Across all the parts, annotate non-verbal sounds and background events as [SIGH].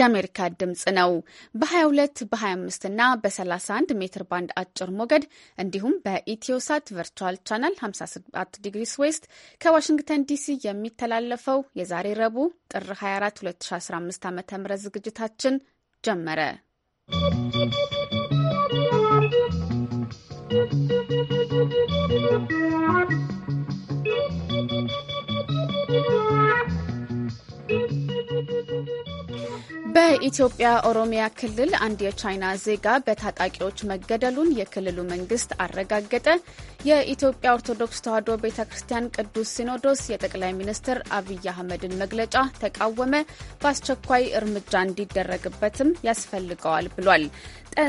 የአሜሪካ ድምፅ ነው። በ22 በ25 እና በ31 ሜትር ባንድ አጭር ሞገድ እንዲሁም በኢትዮሳት ቨርቹዋል ቻናል 57 ዲግሪስ ዌስት ከዋሽንግተን ዲሲ የሚተላለፈው የዛሬ ረቡዕ ጥር 24 2015 ዓ.ም ዝግጅታችን ጀመረ። ¶¶ በኢትዮጵያ ኦሮሚያ ክልል አንድ የቻይና ዜጋ በታጣቂዎች መገደሉን የክልሉ መንግስት አረጋገጠ። የኢትዮጵያ ኦርቶዶክስ ተዋሕዶ ቤተ ክርስቲያን ቅዱስ ሲኖዶስ የጠቅላይ ሚኒስትር አብይ አህመድን መግለጫ ተቃወመ። በአስቸኳይ እርምጃ እንዲደረግበትም ያስፈልገዋል ብሏል።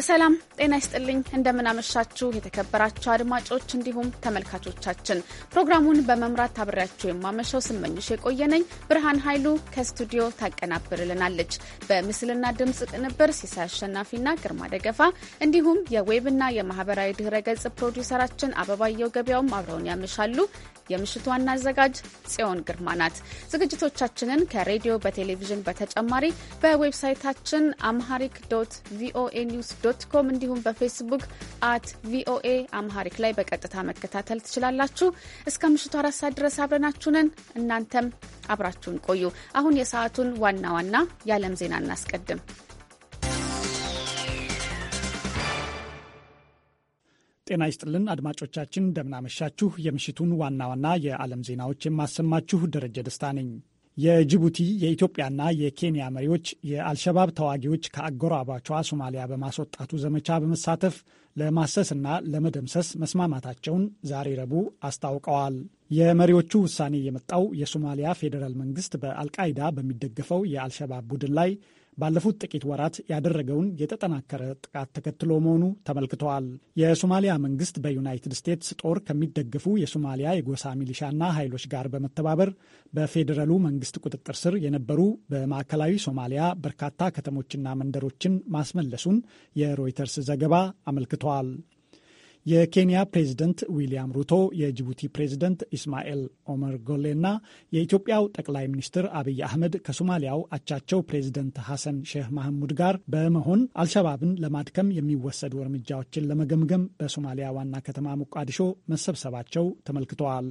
ሰላም ጤና ይስጥልኝ። እንደምናመሻችሁ የተከበራችሁ አድማጮች እንዲሁም ተመልካቾቻችን፣ ፕሮግራሙን በመምራት አብሬያችሁ የማመሸው ስመኝሽ የቆየነኝ። ብርሃን ኃይሉ ከስቱዲዮ ታቀናብርልናለች። በምስልና ድምፅ ቅንብር ሲሳይ አሸናፊና ግርማ ደገፋ እንዲሁም የዌብና የማህበራዊ ድህረ ገጽ ፕሮዲውሰራችን አበባየው ገበያውም አብረውን ያመሻሉ። የምሽቱ ዋና አዘጋጅ ጽዮን ግርማ ናት። ዝግጅቶቻችንን ከሬዲዮ በቴሌቪዥን በተጨማሪ በዌብሳይታችን አምሃሪክ ዶት ቪኦኤ ኒውስ ዶት ኮም እንዲሁም በፌስቡክ አት ቪኦኤ አምሃሪክ ላይ በቀጥታ መከታተል ትችላላችሁ። እስከ ምሽቱ አራት ሰዓት ድረስ አብረናችሁንን እናንተም አብራችሁን ቆዩ። አሁን የሰዓቱን ዋና ዋና የዓለም ዜና እናስቀድም። ጤና ይስጥልን አድማጮቻችን፣ እንደምናመሻችሁ። የምሽቱን ዋና ዋና የዓለም ዜናዎች የማሰማችሁ ደረጀ ደስታ ነኝ። የጅቡቲ የኢትዮጵያና የኬንያ መሪዎች የአልሸባብ ተዋጊዎች ከአጎራባቿ ሶማሊያ በማስወጣቱ ዘመቻ በመሳተፍ ለማሰስና ለመደምሰስ መስማማታቸውን ዛሬ ረቡዕ አስታውቀዋል። የመሪዎቹ ውሳኔ የመጣው የሶማሊያ ፌዴራል መንግስት በአልቃይዳ በሚደገፈው የአልሸባብ ቡድን ላይ ባለፉት ጥቂት ወራት ያደረገውን የተጠናከረ ጥቃት ተከትሎ መሆኑ ተመልክተዋል። የሶማሊያ መንግስት በዩናይትድ ስቴትስ ጦር ከሚደገፉ የሶማሊያ የጎሳ ሚሊሻና ኃይሎች ጋር በመተባበር በፌዴራሉ መንግስት ቁጥጥር ስር የነበሩ በማዕከላዊ ሶማሊያ በርካታ ከተሞችና መንደሮችን ማስመለሱን የሮይተርስ ዘገባ አመልክተዋል። የኬንያ ፕሬዝደንት ዊልያም ሩቶ፣ የጅቡቲ ፕሬዝደንት ኢስማኤል ኦመር ጎሌና የኢትዮጵያው ጠቅላይ ሚኒስትር አብይ አህመድ ከሶማሊያው አቻቸው ፕሬዝደንት ሐሰን ሼህ ማህሙድ ጋር በመሆን አልሸባብን ለማድከም የሚወሰዱ እርምጃዎችን ለመገምገም በሶማሊያ ዋና ከተማ ሞቃዲሾ መሰብሰባቸው ተመልክተዋል።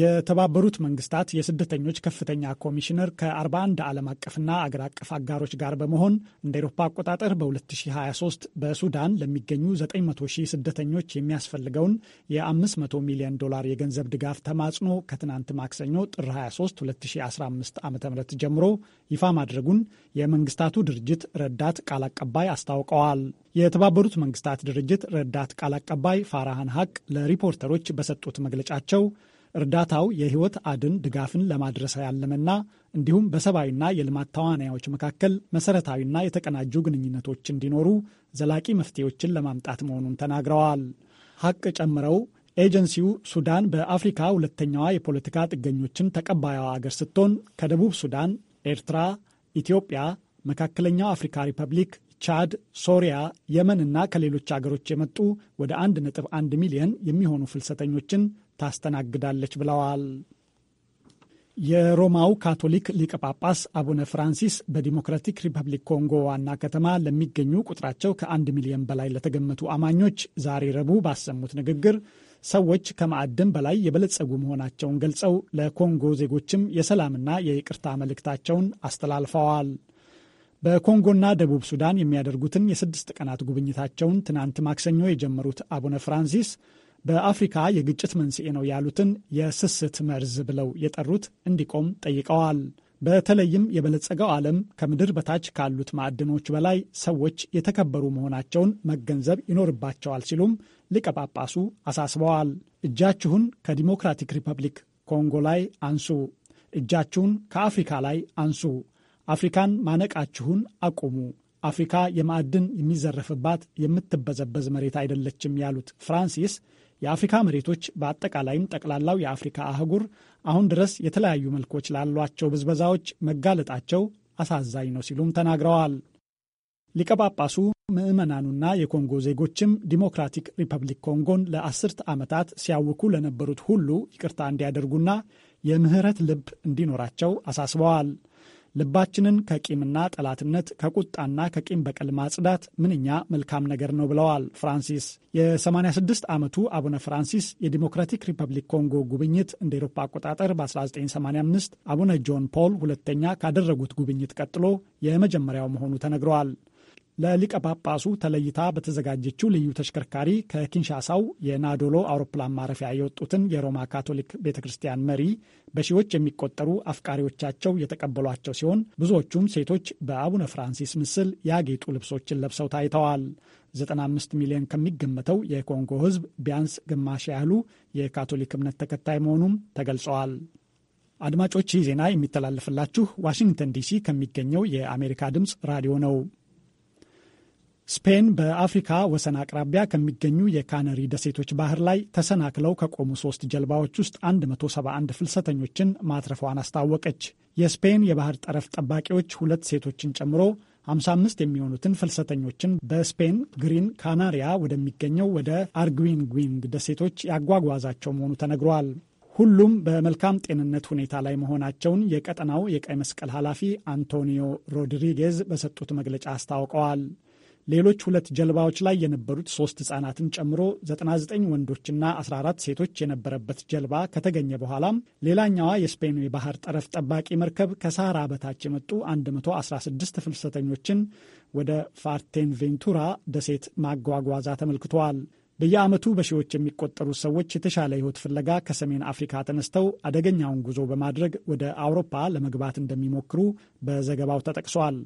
የተባበሩት መንግስታት የስደተኞች ከፍተኛ ኮሚሽነር ከ41 ዓለም አቀፍና አገር አቀፍ አጋሮች ጋር በመሆን እንደ ኤሮፓ አቆጣጠር በ2023 በሱዳን ለሚገኙ 900 ሺህ ስደተኞች የሚያስፈልገውን የ500 ሚሊዮን ዶላር የገንዘብ ድጋፍ ተማጽኖ ከትናንት ማክሰኞ ጥር 23 2015 ዓ ም ጀምሮ ይፋ ማድረጉን የመንግስታቱ ድርጅት ረዳት ቃል አቀባይ አስታውቀዋል። የተባበሩት መንግስታት ድርጅት ረዳት ቃል አቀባይ ፋራሃን ሀቅ ለሪፖርተሮች በሰጡት መግለጫቸው እርዳታው የህይወት አድን ድጋፍን ለማድረስ ያለመና እንዲሁም በሰብአዊና የልማት ተዋናዮች መካከል መሰረታዊና የተቀናጁ ግንኙነቶች እንዲኖሩ ዘላቂ መፍትሄዎችን ለማምጣት መሆኑን ተናግረዋል። ሀቅ ጨምረው ኤጀንሲው ሱዳን በአፍሪካ ሁለተኛዋ የፖለቲካ ጥገኞችን ተቀባያዋ አገር ስትሆን ከደቡብ ሱዳን፣ ኤርትራ፣ ኢትዮጵያ፣ መካከለኛው አፍሪካ ሪፐብሊክ፣ ቻድ፣ ሶሪያ፣ የመንና ከሌሎች አገሮች የመጡ ወደ 1.1 ሚሊዮን የሚሆኑ ፍልሰተኞችን ታስተናግዳለች ብለዋል። የሮማው ካቶሊክ ሊቀ ጳጳስ አቡነ ፍራንሲስ በዲሞክራቲክ ሪፐብሊክ ኮንጎ ዋና ከተማ ለሚገኙ ቁጥራቸው ከአንድ ሚሊዮን በላይ ለተገመቱ አማኞች ዛሬ ረቡዕ ባሰሙት ንግግር ሰዎች ከማዕድን በላይ የበለጸጉ መሆናቸውን ገልጸው ለኮንጎ ዜጎችም የሰላምና የይቅርታ መልእክታቸውን አስተላልፈዋል። በኮንጎና ደቡብ ሱዳን የሚያደርጉትን የስድስት ቀናት ጉብኝታቸውን ትናንት ማክሰኞ የጀመሩት አቡነ ፍራንሲስ በአፍሪካ የግጭት መንስኤ ነው ያሉትን የስስት መርዝ ብለው የጠሩት እንዲቆም ጠይቀዋል። በተለይም የበለጸገው ዓለም ከምድር በታች ካሉት ማዕድኖች በላይ ሰዎች የተከበሩ መሆናቸውን መገንዘብ ይኖርባቸዋል ሲሉም ሊቀ ጳጳሱ አሳስበዋል። እጃችሁን ከዲሞክራቲክ ሪፐብሊክ ኮንጎ ላይ አንሱ። እጃችሁን ከአፍሪካ ላይ አንሱ። አፍሪካን ማነቃችሁን አቁሙ። አፍሪካ የማዕድን የሚዘረፍባት የምትበዘበዝ መሬት አይደለችም ያሉት ፍራንሲስ የአፍሪካ መሬቶች በአጠቃላይም ጠቅላላው የአፍሪካ አህጉር አሁን ድረስ የተለያዩ መልኮች ላሏቸው ብዝበዛዎች መጋለጣቸው አሳዛኝ ነው ሲሉም ተናግረዋል። ሊቀ ጳጳሱ ምዕመናኑና የኮንጎ ዜጎችም ዲሞክራቲክ ሪፐብሊክ ኮንጎን ለአስርት ዓመታት ሲያውኩ ለነበሩት ሁሉ ይቅርታ እንዲያደርጉና የምህረት ልብ እንዲኖራቸው አሳስበዋል። ልባችንን ከቂምና ጠላትነት፣ ከቁጣና ከቂም በቀል ማጽዳት ምንኛ መልካም ነገር ነው ብለዋል ፍራንሲስ። የ86 ዓመቱ አቡነ ፍራንሲስ የዲሞክራቲክ ሪፐብሊክ ኮንጎ ጉብኝት እንደ ኤሮፓ አቆጣጠር በ1985 አቡነ ጆን ፖል ሁለተኛ ካደረጉት ጉብኝት ቀጥሎ የመጀመሪያው መሆኑ ተነግረዋል። ለሊቀ ጳጳሱ ተለይታ በተዘጋጀችው ልዩ ተሽከርካሪ ከኪንሻሳው የናዶሎ አውሮፕላን ማረፊያ የወጡትን የሮማ ካቶሊክ ቤተ ክርስቲያን መሪ በሺዎች የሚቆጠሩ አፍቃሪዎቻቸው የተቀበሏቸው ሲሆን ብዙዎቹም ሴቶች በአቡነ ፍራንሲስ ምስል ያጌጡ ልብሶችን ለብሰው ታይተዋል። 95 ሚሊዮን ከሚገመተው የኮንጎ ሕዝብ ቢያንስ ግማሽ ያህሉ የካቶሊክ እምነት ተከታይ መሆኑም ተገልጸዋል። አድማጮች ይህ ዜና የሚተላለፍላችሁ ዋሽንግተን ዲሲ ከሚገኘው የአሜሪካ ድምፅ ራዲዮ ነው። ስፔን በአፍሪካ ወሰን አቅራቢያ ከሚገኙ የካነሪ ደሴቶች ባህር ላይ ተሰናክለው ከቆሙ ሶስት ጀልባዎች ውስጥ 171 ፍልሰተኞችን ማትረፏን አስታወቀች። የስፔን የባህር ጠረፍ ጠባቂዎች ሁለት ሴቶችን ጨምሮ 55 የሚሆኑትን ፍልሰተኞችን በስፔን ግሪን ካናሪያ ወደሚገኘው ወደ አርጉዊንጉዊንግ ደሴቶች ያጓጓዛቸው መሆኑ ተነግሯል። ሁሉም በመልካም ጤንነት ሁኔታ ላይ መሆናቸውን የቀጠናው የቀይ መስቀል ኃላፊ አንቶኒዮ ሮድሪጌዝ በሰጡት መግለጫ አስታውቀዋል። ሌሎች ሁለት ጀልባዎች ላይ የነበሩት ሶስት ህጻናትን ጨምሮ 99 ወንዶችና 14 ሴቶች የነበረበት ጀልባ ከተገኘ በኋላም ሌላኛዋ የስፔኑ የባህር ጠረፍ ጠባቂ መርከብ ከሳህራ በታች የመጡ 116 ፍልሰተኞችን ወደ ፋርቴንቬንቱራ ደሴት ማጓጓዛ ተመልክተዋል። በየዓመቱ በሺዎች የሚቆጠሩ ሰዎች የተሻለ ህይወት ፍለጋ ከሰሜን አፍሪካ ተነስተው አደገኛውን ጉዞ በማድረግ ወደ አውሮፓ ለመግባት እንደሚሞክሩ በዘገባው ተጠቅሷል።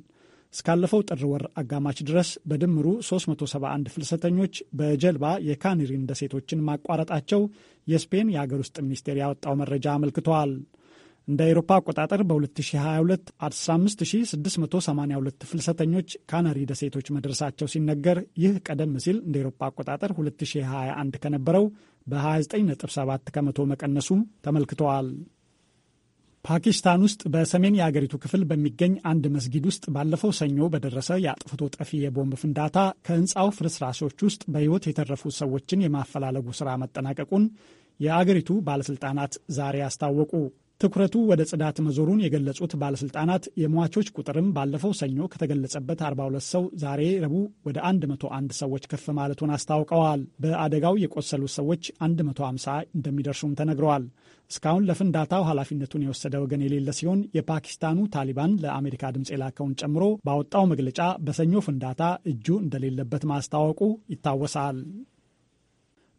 እስካለፈው ጥር ወር አጋማች ድረስ በድምሩ 371 ፍልሰተኞች በጀልባ የካናሪን ደሴቶችን ማቋረጣቸው የስፔን የአገር ውስጥ ሚኒስቴር ያወጣው መረጃ አመልክተዋል። እንደ አውሮፓ አቆጣጠር በ2022 15682 ፍልሰተኞች ካነሪ ደሴቶች መድረሳቸው ሲነገር ይህ ቀደም ሲል እንደ አውሮፓ አቆጣጠር 2021 ከነበረው በ29.7 ከመቶ መቀነሱ ተመልክተዋል። ፓኪስታን ውስጥ በሰሜን የአገሪቱ ክፍል በሚገኝ አንድ መስጊድ ውስጥ ባለፈው ሰኞ በደረሰ የአጥፍቶ ጠፊ የቦምብ ፍንዳታ ከህንፃው ፍርስራሾች ውስጥ በሕይወት የተረፉ ሰዎችን የማፈላለጉ ሥራ መጠናቀቁን የአገሪቱ ባለሥልጣናት ዛሬ አስታወቁ። ትኩረቱ ወደ ጽዳት መዞሩን የገለጹት ባለሥልጣናት የሟቾች ቁጥርም ባለፈው ሰኞ ከተገለጸበት 42 ሰው ዛሬ ረቡዕ ወደ 101 ሰዎች ከፍ ማለቱን አስታውቀዋል። በአደጋው የቆሰሉት ሰዎች 150 እንደሚደርሱም ተነግረዋል። እስካሁን ለፍንዳታው ኃላፊነቱን የወሰደ ወገን የሌለ ሲሆን የፓኪስታኑ ታሊባን ለአሜሪካ ድምፅ የላከውን ጨምሮ ባወጣው መግለጫ በሰኞ ፍንዳታ እጁ እንደሌለበት ማስታወቁ ይታወሳል።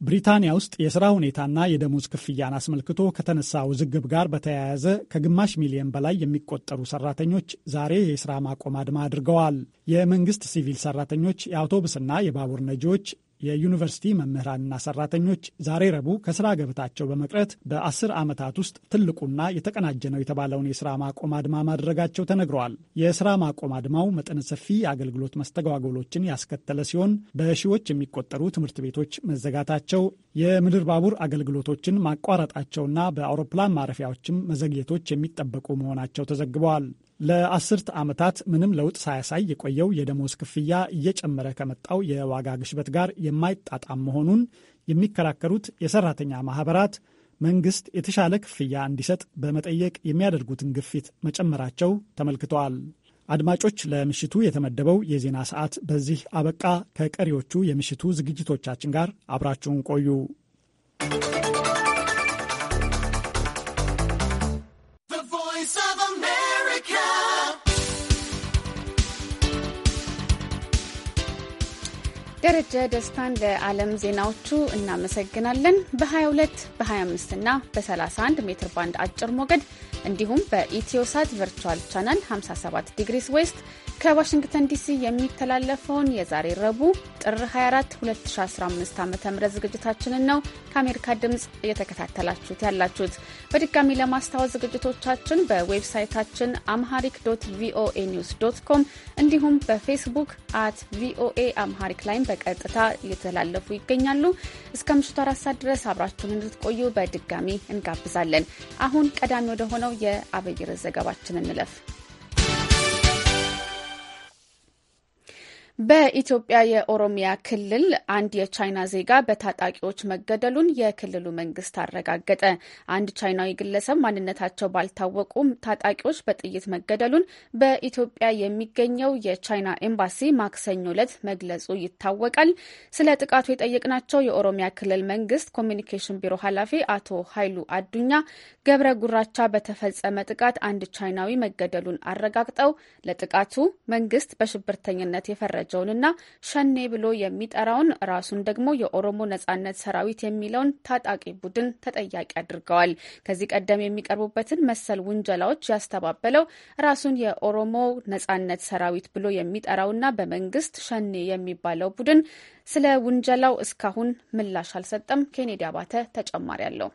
ብሪታንያ ውስጥ የሥራ ሁኔታና የደሞዝ ክፍያን አስመልክቶ ከተነሳ ውዝግብ ጋር በተያያዘ ከግማሽ ሚሊዮን በላይ የሚቆጠሩ ሰራተኞች ዛሬ የሥራ ማቆም አድማ አድርገዋል። የመንግሥት ሲቪል ሰራተኞች፣ የአውቶቡስና የባቡር ነጂዎች፣ የዩኒቨርሲቲ መምህራንና ሰራተኞች ዛሬ ረቡዕ ከስራ ገበታቸው በመቅረት በአስር ዓመታት ውስጥ ትልቁና የተቀናጀ ነው የተባለውን የስራ ማቆም አድማ ማድረጋቸው ተነግረዋል። የስራ ማቆም አድማው መጠነ ሰፊ የአገልግሎት መስተጓጎሎችን ያስከተለ ሲሆን በሺዎች የሚቆጠሩ ትምህርት ቤቶች መዘጋታቸው፣ የምድር ባቡር አገልግሎቶችን ማቋረጣቸውና በአውሮፕላን ማረፊያዎችም መዘግየቶች የሚጠበቁ መሆናቸው ተዘግበዋል። ለአስርት ዓመታት ምንም ለውጥ ሳያሳይ የቆየው የደሞዝ ክፍያ እየጨመረ ከመጣው የዋጋ ግሽበት ጋር የማይጣጣም መሆኑን የሚከራከሩት የሰራተኛ ማህበራት መንግስት የተሻለ ክፍያ እንዲሰጥ በመጠየቅ የሚያደርጉትን ግፊት መጨመራቸው ተመልክተዋል። አድማጮች፣ ለምሽቱ የተመደበው የዜና ሰዓት በዚህ አበቃ። ከቀሪዎቹ የምሽቱ ዝግጅቶቻችን ጋር አብራችሁን ቆዩ። ደረጀ ደስታን ለዓለም ዜናዎቹ እናመሰግናለን። በ22 በ25 እና በ31 ሜትር ባንድ አጭር ሞገድ እንዲሁም በኢትዮሳት ቨርቹዋል ቻናል 57 ዲግሪስ ዌስት ከዋሽንግተን ዲሲ የሚተላለፈውን የዛሬ ረቡዕ ጥር 24 2015 ዓ ም ዝግጅታችንን ነው ከአሜሪካ ድምፅ እየተከታተላችሁት ያላችሁት። በድጋሚ ለማስታወስ ዝግጅቶቻችን በዌብሳይታችን አምሃሪክ ዶት ቪኦኤ ኒውስ ዶት ኮም እንዲሁም በፌስቡክ አት ቪኦኤ አምሃሪክ ላይም በቀጥታ እየተላለፉ ይገኛሉ። እስከ ምሽቱ አራት ሰዓት ድረስ አብራችሁን እንድትቆዩ በድጋሚ እንጋብዛለን። አሁን ቀዳሚ ወደሆነው የአበይረ ዘገባችን እንለፍ። በኢትዮጵያ የኦሮሚያ ክልል አንድ የቻይና ዜጋ በታጣቂዎች መገደሉን የክልሉ መንግስት አረጋገጠ። አንድ ቻይናዊ ግለሰብ ማንነታቸው ባልታወቁም ታጣቂዎች በጥይት መገደሉን በኢትዮጵያ የሚገኘው የቻይና ኤምባሲ ማክሰኞ ዕለት መግለጹ ይታወቃል። ስለ ጥቃቱ የጠየቅናቸው የኦሮሚያ ክልል መንግስት ኮሚኒኬሽን ቢሮ ኃላፊ አቶ ኃይሉ አዱኛ ገብረ ጉራቻ በተፈጸመ ጥቃት አንድ ቻይናዊ መገደሉን አረጋግጠው ለጥቃቱ መንግስት በሽብርተኝነት የፈረጀ ያደራጀውንና ሸኔ ብሎ የሚጠራውን ራሱን ደግሞ የኦሮሞ ነጻነት ሰራዊት የሚለውን ታጣቂ ቡድን ተጠያቂ አድርገዋል። ከዚህ ቀደም የሚቀርቡበትን መሰል ውንጀላዎች ያስተባበለው ራሱን የኦሮሞ ነጻነት ሰራዊት ብሎ የሚጠራውና በመንግስት ሸኔ የሚባለው ቡድን ስለ ውንጀላው እስካሁን ምላሽ አልሰጠም። ኬኔዲ አባተ ተጨማሪ አለው።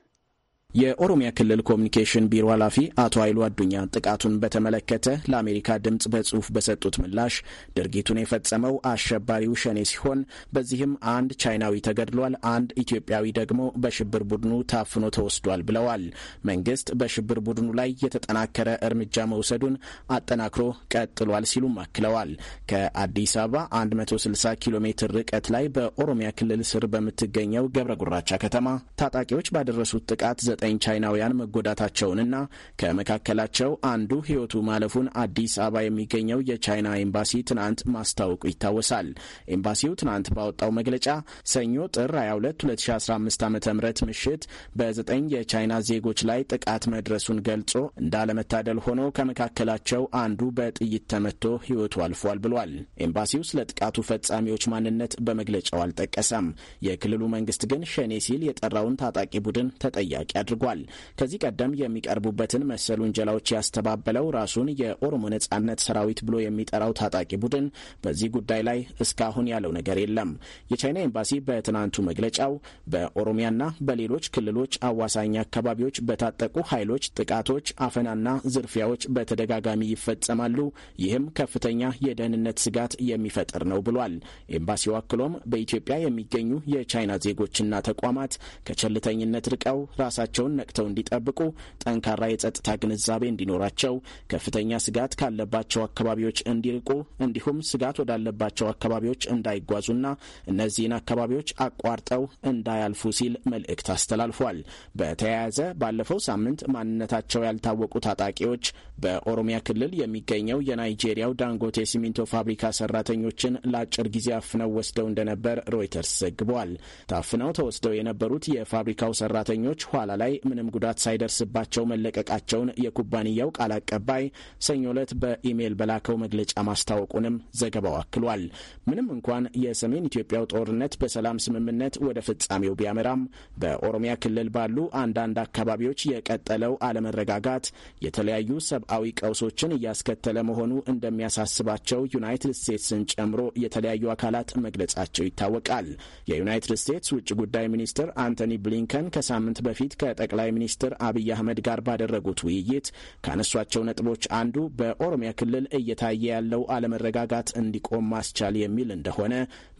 የኦሮሚያ ክልል ኮሚኒኬሽን ቢሮ ኃላፊ አቶ ኃይሉ አዱኛ ጥቃቱን በተመለከተ ለአሜሪካ ድምፅ በጽሁፍ በሰጡት ምላሽ ድርጊቱን የፈጸመው አሸባሪው ሸኔ ሲሆን በዚህም አንድ ቻይናዊ ተገድሏል፣ አንድ ኢትዮጵያዊ ደግሞ በሽብር ቡድኑ ታፍኖ ተወስዷል ብለዋል። መንግስት በሽብር ቡድኑ ላይ የተጠናከረ እርምጃ መውሰዱን አጠናክሮ ቀጥሏል ሲሉም አክለዋል። ከአዲስ አበባ 160 ኪሎ ሜትር ርቀት ላይ በኦሮሚያ ክልል ስር በምትገኘው ገብረ ጉራቻ ከተማ ታጣቂዎች ባደረሱት ጥቃት ዘጠኝ ቻይናውያን መጎዳታቸውንና ከመካከላቸው አንዱ ሕይወቱ ማለፉን አዲስ አበባ የሚገኘው የቻይና ኤምባሲ ትናንት ማስታወቁ ይታወሳል። ኤምባሲው ትናንት ባወጣው መግለጫ ሰኞ ጥር 22 2015 ዓ ም ምሽት በዘጠኝ የቻይና ዜጎች ላይ ጥቃት መድረሱን ገልጾ እንዳለመታደል ሆኖ ከመካከላቸው አንዱ በጥይት ተመቶ ሕይወቱ አልፏል ብሏል። ኤምባሲው ስለ ጥቃቱ ፈጻሚዎች ማንነት በመግለጫው አልጠቀሰም። የክልሉ መንግስት ግን ሸኔ ሲል የጠራውን ታጣቂ ቡድን ተጠያቂ አድርጓል። አድርጓል። ከዚህ ቀደም የሚቀርቡበትን መሰል ውንጀላዎች ያስተባበለው ራሱን የኦሮሞ ነጻነት ሰራዊት ብሎ የሚጠራው ታጣቂ ቡድን በዚህ ጉዳይ ላይ እስካሁን ያለው ነገር የለም። የቻይና ኤምባሲ በትናንቱ መግለጫው በኦሮሚያና በሌሎች ክልሎች አዋሳኝ አካባቢዎች በታጠቁ ኃይሎች ጥቃቶች፣ አፈናና ዝርፊያዎች በተደጋጋሚ ይፈጸማሉ፣ ይህም ከፍተኛ የደህንነት ስጋት የሚፈጥር ነው ብሏል። ኤምባሲው አክሎም በኢትዮጵያ የሚገኙ የቻይና ዜጎችና ተቋማት ከቸልተኝነት ርቀው ራሳቸው ራሳቸውን ነቅተው እንዲጠብቁ ጠንካራ የጸጥታ ግንዛቤ እንዲኖራቸው፣ ከፍተኛ ስጋት ካለባቸው አካባቢዎች እንዲርቁ እንዲሁም ስጋት ወዳለባቸው አካባቢዎች እንዳይጓዙና እነዚህን አካባቢዎች አቋርጠው እንዳያልፉ ሲል መልእክት አስተላልፏል። በተያያዘ ባለፈው ሳምንት ማንነታቸው ያልታወቁ ታጣቂዎች በኦሮሚያ ክልል የሚገኘው የናይጄሪያው ዳንጎቴ ሲሚንቶ ፋብሪካ ሰራተኞችን ለአጭር ጊዜ አፍነው ወስደው እንደነበር ሮይተርስ ዘግቧል። ታፍነው ተወስደው የነበሩት የፋብሪካው ሰራተኞች ኋላ ላይ ላይ ምንም ጉዳት ሳይደርስባቸው መለቀቃቸውን የኩባንያው ቃል አቀባይ ሰኞ ዕለት በኢሜይል በላከው መግለጫ ማስታወቁንም ዘገባው አክሏል። ምንም እንኳን የሰሜን ኢትዮጵያው ጦርነት በሰላም ስምምነት ወደ ፍጻሜው ቢያመራም በኦሮሚያ ክልል ባሉ አንዳንድ አካባቢዎች የቀጠለው አለመረጋጋት የተለያዩ ሰብአዊ ቀውሶችን እያስከተለ መሆኑ እንደሚያሳስባቸው ዩናይትድ ስቴትስን ጨምሮ የተለያዩ አካላት መግለጻቸው ይታወቃል። የዩናይትድ ስቴትስ ውጭ ጉዳይ ሚኒስትር አንቶኒ ብሊንከን ከሳምንት በፊት ከ ከጠቅላይ ሚኒስትር አብይ አህመድ ጋር ባደረጉት ውይይት ካነሷቸው ነጥቦች አንዱ በኦሮሚያ ክልል እየታየ ያለው አለመረጋጋት እንዲቆም ማስቻል የሚል እንደሆነ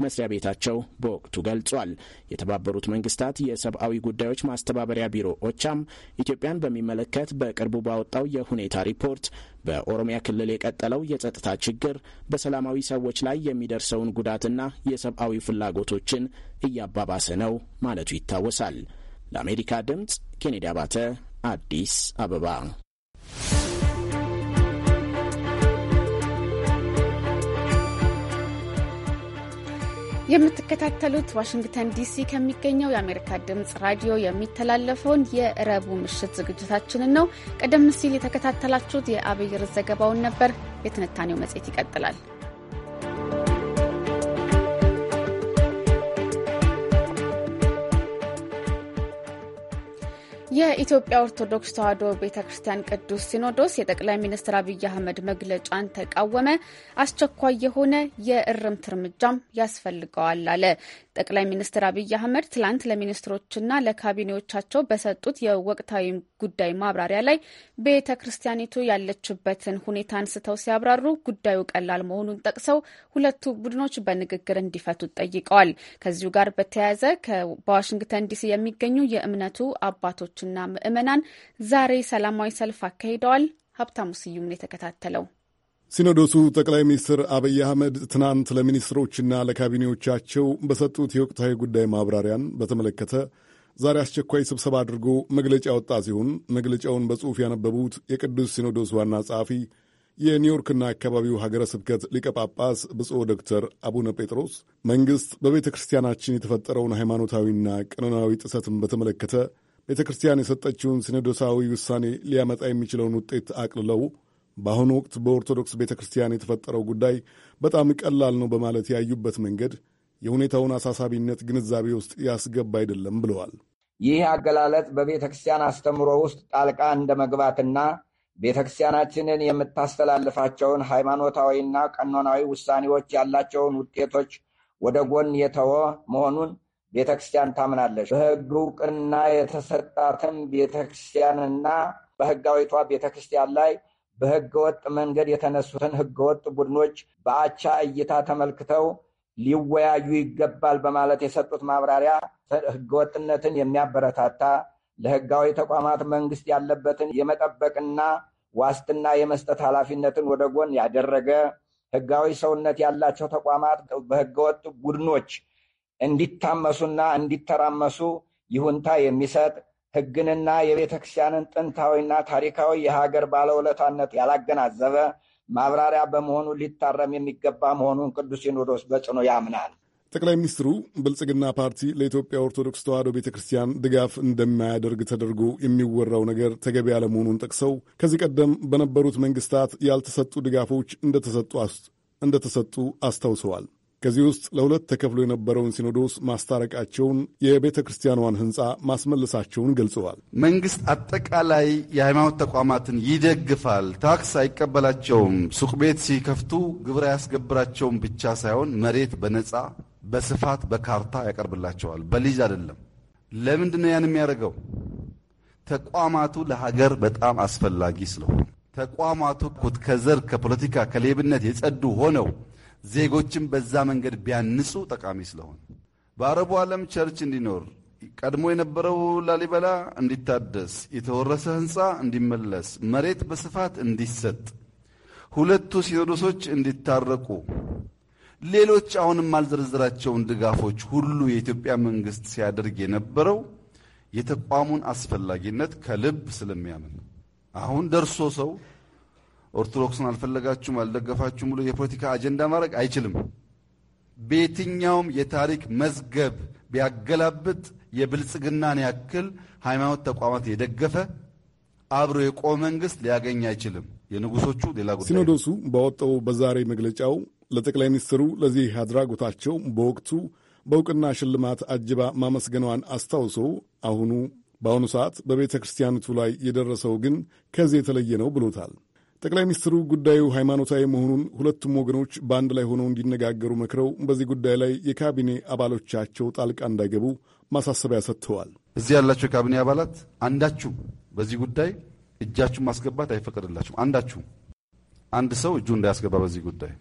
መስሪያ ቤታቸው በወቅቱ ገልጿል። የተባበሩት መንግስታት የሰብአዊ ጉዳዮች ማስተባበሪያ ቢሮ ኦቻም ኢትዮጵያን በሚመለከት በቅርቡ ባወጣው የሁኔታ ሪፖርት በኦሮሚያ ክልል የቀጠለው የጸጥታ ችግር በሰላማዊ ሰዎች ላይ የሚደርሰውን ጉዳትና የሰብአዊ ፍላጎቶችን እያባባሰ ነው ማለቱ ይታወሳል። ለአሜሪካ ድምፅ ኬኔዲ አባተ አዲስ አበባ። የምትከታተሉት ዋሽንግተን ዲሲ ከሚገኘው የአሜሪካ ድምፅ ራዲዮ የሚተላለፈውን የእረቡ ምሽት ዝግጅታችንን ነው። ቀደም ሲል የተከታተላችሁት የአብይር ዘገባውን ነበር። የትንታኔው መጽሔት ይቀጥላል። የኢትዮጵያ ኦርቶዶክስ ተዋሕዶ ቤተ ክርስቲያን ቅዱስ ሲኖዶስ የጠቅላይ ሚኒስትር አብይ አህመድ መግለጫን ተቃወመ። አስቸኳይ የሆነ የእርምት እርምጃም ያስፈልገዋል አለ። ጠቅላይ ሚኒስትር አብይ አህመድ ትላንት ለሚኒስትሮችና ለካቢኔዎቻቸው በሰጡት የወቅታዊ ጉዳይ ማብራሪያ ላይ ቤተ ክርስቲያኒቱ ያለችበትን ሁኔታ አንስተው ሲያብራሩ ጉዳዩ ቀላል መሆኑን ጠቅሰው ሁለቱ ቡድኖች በንግግር እንዲፈቱ ጠይቀዋል። ከዚሁ ጋር በተያያዘ በዋሽንግተን ዲሲ የሚገኙ የእምነቱ አባቶች ወጣቶችና ምዕመናን ዛሬ ሰላማዊ ሰልፍ አካሂደዋል። ሀብታሙ ስዩም ነው የተከታተለው። ሲኖዶሱ ጠቅላይ ሚኒስትር አብይ አህመድ ትናንት ለሚኒስትሮችና ለካቢኔዎቻቸው በሰጡት የወቅታዊ ጉዳይ ማብራሪያን በተመለከተ ዛሬ አስቸኳይ ስብሰባ አድርጎ መግለጫ ወጣ ሲሆን መግለጫውን በጽሑፍ ያነበቡት የቅዱስ ሲኖዶስ ዋና ጸሐፊ የኒውዮርክና አካባቢው ሀገረ ስብከት ሊቀ ጳጳስ ብፁዕ ዶክተር አቡነ ጴጥሮስ መንግሥት በቤተ ክርስቲያናችን የተፈጠረውን ሃይማኖታዊና ቀኖናዊ ጥሰትን በተመለከተ ቤተ ክርስቲያን የሰጠችውን ሲነዶሳዊ ውሳኔ ሊያመጣ የሚችለውን ውጤት አቅልለው በአሁኑ ወቅት በኦርቶዶክስ ቤተ ክርስቲያን የተፈጠረው ጉዳይ በጣም ቀላል ነው በማለት ያዩበት መንገድ የሁኔታውን አሳሳቢነት ግንዛቤ ውስጥ ያስገባ አይደለም ብለዋል። ይህ አገላለጽ በቤተ ክርስቲያን አስተምሮ ውስጥ ጣልቃ እንደ መግባትና ቤተ ክርስቲያናችንን የምታስተላልፋቸውን ሃይማኖታዊና ቀኖናዊ ውሳኔዎች ያላቸውን ውጤቶች ወደ ጎን የተወ መሆኑን ቤተክርስቲያን ታምናለች። በህግ እውቅና የተሰጣትም ቤተክርስቲያንና በህጋዊቷ ቤተክርስቲያን ላይ በህገ ላይ መንገድ የተነሱትን ወጥ ቡድኖች በአቻ እይታ ተመልክተው ሊወያዩ ይገባል በማለት የሰጡት ማብራሪያ ወጥነትን የሚያበረታታ ለህጋዊ ተቋማት መንግስት ያለበትን የመጠበቅና ዋስትና የመስጠት ኃላፊነትን ወደ ጎን ያደረገ ህጋዊ ሰውነት ያላቸው ተቋማት በህገወጥ ቡድኖች እንዲታመሱና እንዲተራመሱ ይሁንታ የሚሰጥ ሕግንና የቤተ ክርስቲያንን ጥንታዊና ታሪካዊ የሀገር ባለውለታነት ያላገናዘበ ማብራሪያ በመሆኑ ሊታረም የሚገባ መሆኑን ቅዱስ ሲኖዶስ በጽኑ ያምናል። ጠቅላይ ሚኒስትሩ ብልጽግና ፓርቲ ለኢትዮጵያ ኦርቶዶክስ ተዋሕዶ ቤተ ክርስቲያን ድጋፍ እንደማያደርግ ተደርጎ የሚወራው ነገር ተገቢ ያለመሆኑን ጠቅሰው ከዚህ ቀደም በነበሩት መንግስታት ያልተሰጡ ድጋፎች እንደተሰጡ አስታውሰዋል። ከዚህ ውስጥ ለሁለት ተከፍሎ የነበረውን ሲኖዶስ ማስታረቃቸውን፣ የቤተ ክርስቲያኗን ሕንፃ ማስመለሳቸውን ገልጸዋል። መንግስት አጠቃላይ የሃይማኖት ተቋማትን ይደግፋል፣ ታክስ አይቀበላቸውም፣ ሱቅ ቤት ሲከፍቱ ግብር አያስገብራቸውም ብቻ ሳይሆን መሬት በነፃ በስፋት በካርታ ያቀርብላቸዋል። በሊዝ አይደለም። ለምንድን ነው ያን የሚያደርገው? ተቋማቱ ለሀገር በጣም አስፈላጊ ስለሆነ ተቋማቱ ከዘር ከፖለቲካ ከሌብነት የጸዱ ሆነው ዜጎችን በዛ መንገድ ቢያንጹ ጠቃሚ ስለሆነ በአረቡ ዓለም ቸርች እንዲኖር ቀድሞ የነበረው ላሊበላ እንዲታደስ፣ የተወረሰ ህንፃ እንዲመለስ፣ መሬት በስፋት እንዲሰጥ፣ ሁለቱ ሲኖዶሶች እንዲታረቁ፣ ሌሎች አሁንም አልዘረዝራቸውን ድጋፎች ሁሉ የኢትዮጵያ መንግስት ሲያደርግ የነበረው የተቋሙን አስፈላጊነት ከልብ ስለሚያምን አሁን ደርሶ ሰው ኦርቶዶክስን አልፈለጋችሁም አልደገፋችሁም ብሎ የፖለቲካ አጀንዳ ማድረግ አይችልም። በየትኛውም የታሪክ መዝገብ ቢያገላብጥ የብልጽግናን ያክል ሃይማኖት ተቋማት የደገፈ አብሮ የቆመ መንግስት ሊያገኝ አይችልም። የንጉሶቹ ሌላ ጉዳይ። ሲኖዶሱ ባወጣው በዛሬ መግለጫው ለጠቅላይ ሚኒስትሩ ለዚህ አድራጎታቸው በወቅቱ በእውቅና ሽልማት አጅባ ማመስገኗን አስታውሶ አሁኑ በአሁኑ ሰዓት በቤተ ክርስቲያኒቱ ላይ የደረሰው ግን ከዚህ የተለየ ነው ብሎታል። ጠቅላይ ሚኒስትሩ ጉዳዩ ሃይማኖታዊ መሆኑን ሁለቱም ወገኖች በአንድ ላይ ሆነው እንዲነጋገሩ መክረው በዚህ ጉዳይ ላይ የካቢኔ አባሎቻቸው ጣልቃ እንዳይገቡ ማሳሰቢያ ሰጥተዋል። እዚህ ያላቸው የካቢኔ አባላት አንዳችሁ በዚህ ጉዳይ እጃችሁን ማስገባት አይፈቀድላችሁም። አንዳችሁ አንድ ሰው እጁ እንዳያስገባ በዚህ ጉዳይ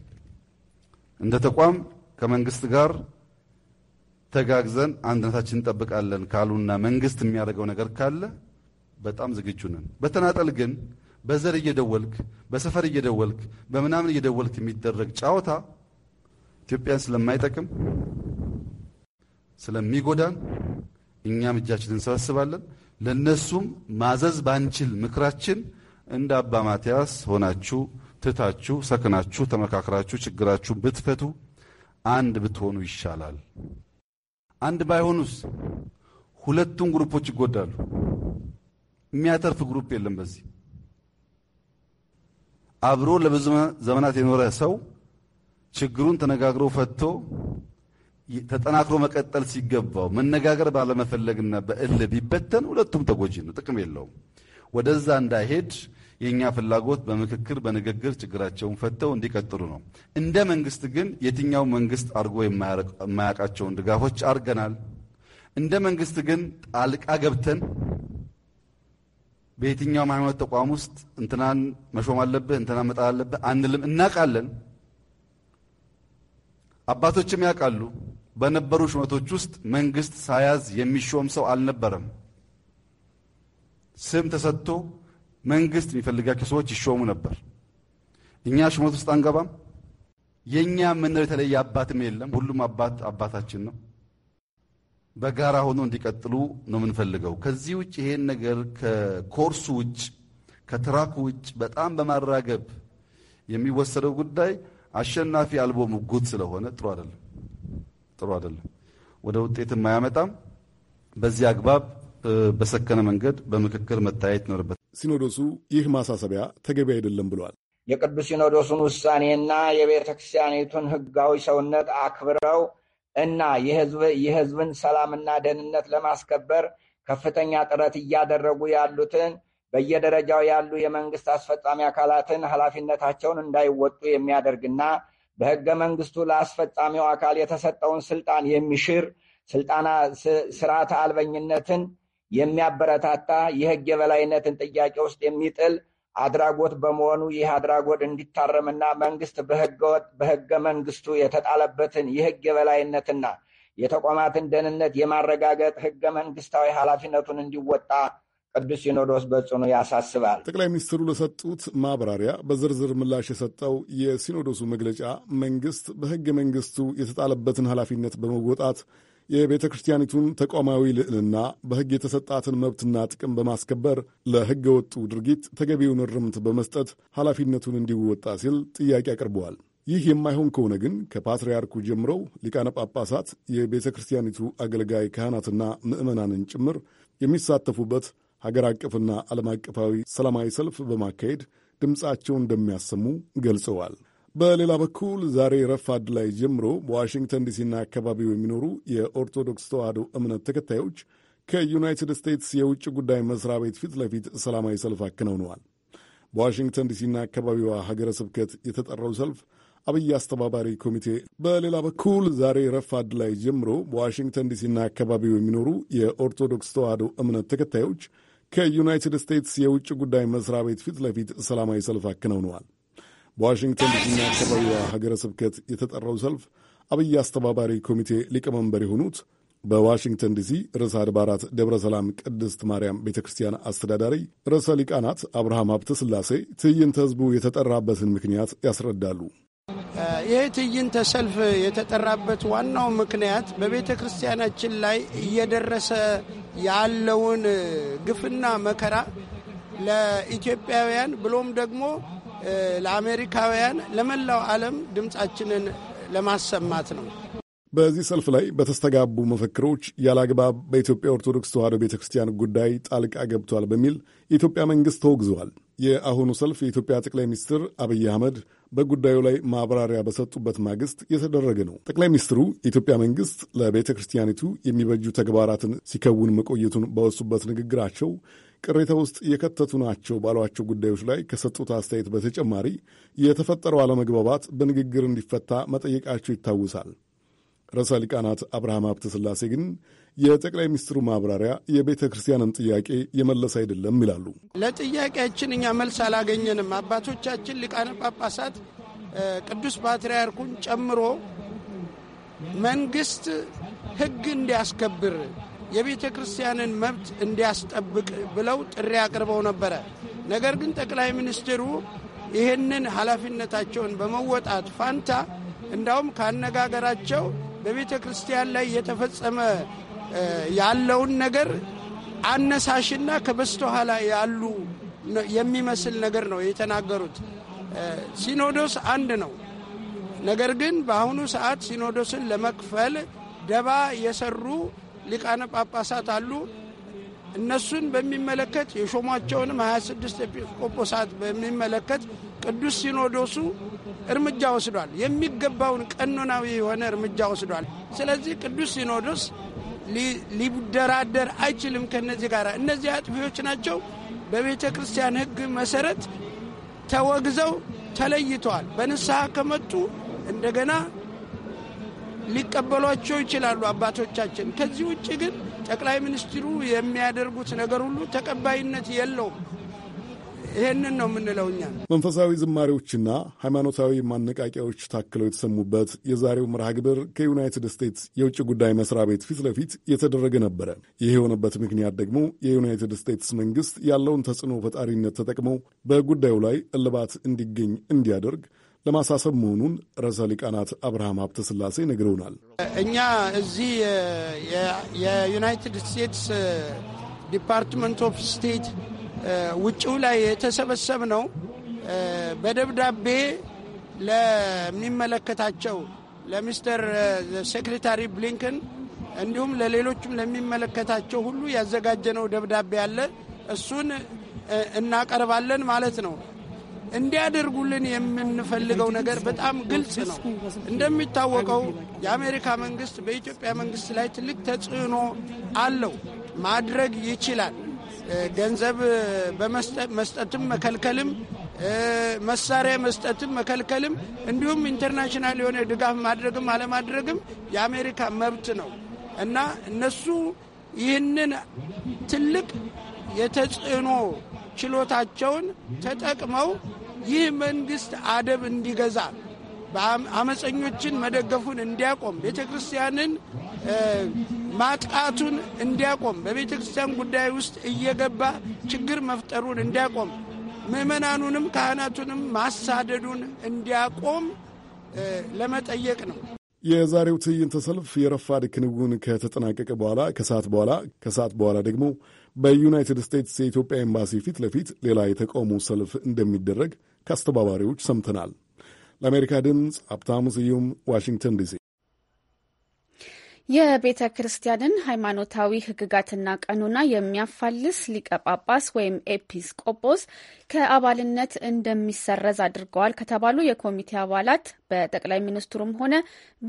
እንደ ተቋም ከመንግስት ጋር ተጋግዘን አንድነታችን እንጠብቃለን ካሉና መንግስት የሚያደርገው ነገር ካለ በጣም ዝግጁ ነን። በተናጠል ግን በዘር እየደወልክ በሰፈር እየደወልክ በምናምን እየደወልክ የሚደረግ ጫዋታ ኢትዮጵያን ስለማይጠቅም ስለሚጎዳን እኛም እጃችን እንሰበስባለን። ለነሱም ማዘዝ ባንችል ምክራችን እንደ አባ ማትያስ ሆናችሁ ትታችሁ ሰክናችሁ ተመካክራችሁ ችግራችሁን ብትፈቱ አንድ ብትሆኑ ይሻላል። አንድ ባይሆኑስ ሁለቱም ግሩፖች ይጎዳሉ። የሚያተርፍ ግሩፕ የለም በዚህ አብሮ ለብዙ ዘመናት የኖረ ሰው ችግሩን ተነጋግሮ ፈቶ ተጠናክሮ መቀጠል ሲገባው መነጋገር ባለመፈለግና በእል ቢበተን ሁለቱም ተጎጂ ነው፣ ጥቅም የለውም። ወደዛ እንዳይሄድ የእኛ ፍላጎት በምክክር በንግግር ችግራቸውን ፈተው እንዲቀጥሉ ነው። እንደ መንግስት ግን የትኛው መንግስት አድርጎ የማያውቃቸውን ድጋፎች አድርገናል። እንደ መንግስት ግን ጣልቃ ገብተን በየትኛውም ሃይማኖት ተቋም ውስጥ እንትናን መሾም አለብህ፣ እንትናን መጣል አለብህ አንልም። እናውቃለን፣ አባቶችም ያውቃሉ። በነበሩ ሹመቶች ውስጥ መንግስት ሳያዝ የሚሾም ሰው አልነበረም። ስም ተሰጥቶ መንግስት የሚፈልጋቸው ሰዎች ይሾሙ ነበር። እኛ ሹመት ውስጥ አንገባም። የእኛ ምንር የተለየ አባትም የለም። ሁሉም አባት አባታችን ነው። በጋራ ሆኖ እንዲቀጥሉ ነው የምንፈልገው። ከዚህ ውጭ ይሄን ነገር ከኮርሱ ውጭ ከትራክ ውጭ በጣም በማራገብ የሚወሰደው ጉዳይ አሸናፊ አልቦ ሙጉት ስለሆነ ጥሩ አይደለም፣ ጥሩ አይደለም፣ ወደ ውጤትም አያመጣም። በዚህ አግባብ በሰከነ መንገድ በምክክር መታየት ይኖርበት። ሲኖዶሱ ይህ ማሳሰቢያ ተገቢ አይደለም ብሏል። የቅዱስ ሲኖዶሱን ውሳኔና የቤተ ክርስቲያኒቱን ሕጋዊ ሰውነት አክብረው እና የህዝብን ሰላምና ደህንነት ለማስከበር ከፍተኛ ጥረት እያደረጉ ያሉትን በየደረጃው ያሉ የመንግስት አስፈጻሚ አካላትን ኃላፊነታቸውን እንዳይወጡ የሚያደርግና በህገ መንግስቱ ለአስፈጻሚው አካል የተሰጠውን ስልጣን የሚሽር ስልጣና ስርዓተ አልበኝነትን የሚያበረታታ የህግ የበላይነትን ጥያቄ ውስጥ የሚጥል አድራጎት በመሆኑ ይህ አድራጎት እንዲታረምና መንግስት በህገ መንግስቱ የተጣለበትን የህግ የበላይነትና የተቋማትን ደህንነት የማረጋገጥ ህገ መንግስታዊ ኃላፊነቱን እንዲወጣ ቅዱስ ሲኖዶስ በጽኑ ያሳስባል። ጠቅላይ ሚኒስትሩ ለሰጡት ማብራሪያ በዝርዝር ምላሽ የሰጠው የሲኖዶሱ መግለጫ መንግስት በህገ መንግስቱ የተጣለበትን ኃላፊነት በመወጣት የቤተ ክርስቲያኒቱን ተቋማዊ ልዕልና በሕግ የተሰጣትን መብትና ጥቅም በማስከበር ለሕገ ወጡ ድርጊት ተገቢውን እርምት በመስጠት ኃላፊነቱን እንዲወጣ ሲል ጥያቄ አቅርበዋል። ይህ የማይሆን ከሆነ ግን ከፓትርያርኩ ጀምረው ሊቃነ ጳጳሳት፣ የቤተ ክርስቲያኒቱ አገልጋይ ካህናትና ምዕመናንን ጭምር የሚሳተፉበት ሀገር አቀፍና ዓለም አቀፋዊ ሰላማዊ ሰልፍ በማካሄድ ድምፃቸውን እንደሚያሰሙ ገልጸዋል። በሌላ በኩል ዛሬ ረፋድ ላይ ጀምሮ በዋሽንግተን ዲሲና አካባቢው የሚኖሩ የኦርቶዶክስ ተዋህዶ እምነት ተከታዮች ከዩናይትድ ስቴትስ የውጭ ጉዳይ መስሪያ ቤት ፊት ለፊት ሰላማዊ ሰልፍ አከናውነዋል። በዋሽንግተን ዲሲና አካባቢዋ ሀገረ ስብከት የተጠራው ሰልፍ አብይ አስተባባሪ ኮሚቴ። በሌላ በኩል ዛሬ ረፋድ ላይ ጀምሮ በዋሽንግተን ዲሲና አካባቢው የሚኖሩ የኦርቶዶክስ ተዋህዶ እምነት ተከታዮች ከዩናይትድ ስቴትስ የውጭ ጉዳይ መስሪያ ቤት ፊት ለፊት ሰላማዊ ሰልፍ አከናውነዋል። በዋሽንግተን ዲሲና አካባቢዋ ሀገረ ስብከት የተጠራው ሰልፍ አብይ አስተባባሪ ኮሚቴ ሊቀመንበር የሆኑት በዋሽንግተን ዲሲ ርዕሰ አድባራት ደብረ ሰላም ቅድስት ማርያም ቤተ ክርስቲያን አስተዳዳሪ ርዕሰ ሊቃናት አብርሃም ሀብተ ስላሴ ትዕይንተ ሕዝቡ የተጠራበትን ምክንያት ያስረዳሉ። ይህ ትዕይንተ ሰልፍ የተጠራበት ዋናው ምክንያት በቤተ ክርስቲያናችን ላይ እየደረሰ ያለውን ግፍና መከራ ለኢትዮጵያውያን ብሎም ደግሞ ለአሜሪካውያን፣ ለመላው ዓለም ድምፃችንን ለማሰማት ነው። በዚህ ሰልፍ ላይ በተስተጋቡ መፈክሮች ያለአግባብ በኢትዮጵያ ኦርቶዶክስ ተዋሕዶ ቤተ ክርስቲያን ጉዳይ ጣልቃ ገብቷል በሚል የኢትዮጵያ መንግሥት ተወግዘዋል። የአሁኑ ሰልፍ የኢትዮጵያ ጠቅላይ ሚኒስትር አብይ አህመድ በጉዳዩ ላይ ማብራሪያ በሰጡበት ማግስት የተደረገ ነው። ጠቅላይ ሚኒስትሩ የኢትዮጵያ መንግሥት ለቤተ ክርስቲያኒቱ የሚበጁ ተግባራትን ሲከውን መቆየቱን ባወሱበት ንግግራቸው ቅሬታ ውስጥ የከተቱ ናቸው ባሏቸው ጉዳዮች ላይ ከሰጡት አስተያየት በተጨማሪ የተፈጠረው አለመግባባት በንግግር እንዲፈታ መጠየቃቸው ይታወሳል። ርዕሰ ሊቃናት አብርሃም ሀብተ ሥላሴ ግን የጠቅላይ ሚኒስትሩ ማብራሪያ የቤተ ክርስቲያንን ጥያቄ የመለስ አይደለም ይላሉ። ለጥያቄያችን እኛ መልስ አላገኘንም። አባቶቻችን ሊቃነ ጳጳሳት ቅዱስ ፓትርያርኩን ጨምሮ መንግስት ሕግ እንዲያስከብር የቤተ ክርስቲያንን መብት እንዲያስጠብቅ ብለው ጥሪ አቅርበው ነበረ። ነገር ግን ጠቅላይ ሚኒስትሩ ይህንን ኃላፊነታቸውን በመወጣት ፋንታ እንዳውም ካነጋገራቸው በቤተ ክርስቲያን ላይ የተፈጸመ ያለውን ነገር አነሳሽና ከበስተኋላ ያሉ የሚመስል ነገር ነው የተናገሩት። ሲኖዶስ አንድ ነው። ነገር ግን በአሁኑ ሰዓት ሲኖዶስን ለመክፈል ደባ የሰሩ ሊቃነ ጳጳሳት አሉ። እነሱን በሚመለከት የሾሟቸውንም 26 ኤጲስቆጶሳት በሚመለከት ቅዱስ ሲኖዶሱ እርምጃ ወስዷል። የሚገባውን ቀኖናዊ የሆነ እርምጃ ወስዷል። ስለዚህ ቅዱስ ሲኖዶስ ሊደራደር አይችልም ከእነዚህ ጋር። እነዚህ አጥፊዎች ናቸው። በቤተ ክርስቲያን ሕግ መሰረት ተወግዘው ተለይተዋል። በንስሐ ከመጡ እንደገና ሊቀበሏቸው ይችላሉ አባቶቻችን። ከዚህ ውጭ ግን ጠቅላይ ሚኒስትሩ የሚያደርጉት ነገር ሁሉ ተቀባይነት የለውም። ይህንን ነው የምንለው እኛ። መንፈሳዊ ዝማሬዎችና ሃይማኖታዊ ማነቃቂያዎች ታክለው የተሰሙበት የዛሬው መርሃ ግብር ከዩናይትድ ስቴትስ የውጭ ጉዳይ መስሪያ ቤት ፊት ለፊት የተደረገ ነበረ። ይህ የሆነበት ምክንያት ደግሞ የዩናይትድ ስቴትስ መንግስት ያለውን ተጽዕኖ ፈጣሪነት ተጠቅመው በጉዳዩ ላይ እልባት እንዲገኝ እንዲያደርግ ለማሳሰብ መሆኑን ርዕሰ ሊቃናት አብርሃም ሀብተ ስላሴ ነግረውናል። እኛ እዚህ የዩናይትድ ስቴትስ ዲፓርትመንት ኦፍ ስቴት ውጭው ላይ የተሰበሰብ ነው በደብዳቤ ለሚመለከታቸው ለሚስተር ሴክሬታሪ ብሊንከን እንዲሁም ለሌሎችም ለሚመለከታቸው ሁሉ ያዘጋጀነው ደብዳቤ አለ። እሱን እናቀርባለን ማለት ነው። እንዲያደርጉልን የምንፈልገው ነገር በጣም ግልጽ ነው። እንደሚታወቀው የአሜሪካ መንግስት በኢትዮጵያ መንግስት ላይ ትልቅ ተጽዕኖ አለው። ማድረግ ይችላል። ገንዘብ በመስጠትም መከልከልም፣ መሳሪያ መስጠትም መከልከልም፣ እንዲሁም ኢንተርናሽናል የሆነ ድጋፍ ማድረግም አለማድረግም የአሜሪካ መብት ነው እና እነሱ ይህንን ትልቅ የተጽዕኖ ችሎታቸውን ተጠቅመው ይህ መንግስት አደብ እንዲገዛ አመፀኞችን መደገፉን እንዲያቆም ቤተ ክርስቲያንን ማጥቃቱን እንዲያቆም በቤተ ክርስቲያን ጉዳይ ውስጥ እየገባ ችግር መፍጠሩን እንዲያቆም ምዕመናኑንም ካህናቱንም ማሳደዱን እንዲያቆም ለመጠየቅ ነው። የዛሬው ትዕይንተ ሰልፍ የረፋድ ክንውን ከተጠናቀቀ በኋላ ከሰዓት በኋላ ከሰዓት በኋላ ደግሞ በዩናይትድ ስቴትስ የኢትዮጵያ ኤምባሲ ፊት ለፊት ሌላ የተቃውሞ ሰልፍ እንደሚደረግ ከአስተባባሪዎች ሰምተናል። ለአሜሪካ ድምፅ ሀብታሙ ስዩም ዋሽንግተን ዲሲ። የቤተ ክርስቲያንን ሃይማኖታዊ ህግጋትና ቀኖና የሚያፋልስ ሊቀ ጳጳስ ወይም ኤፒስቆጶስ ከአባልነት እንደሚሰረዝ አድርገዋል ከተባሉ የኮሚቴ አባላት በጠቅላይ ሚኒስትሩም ሆነ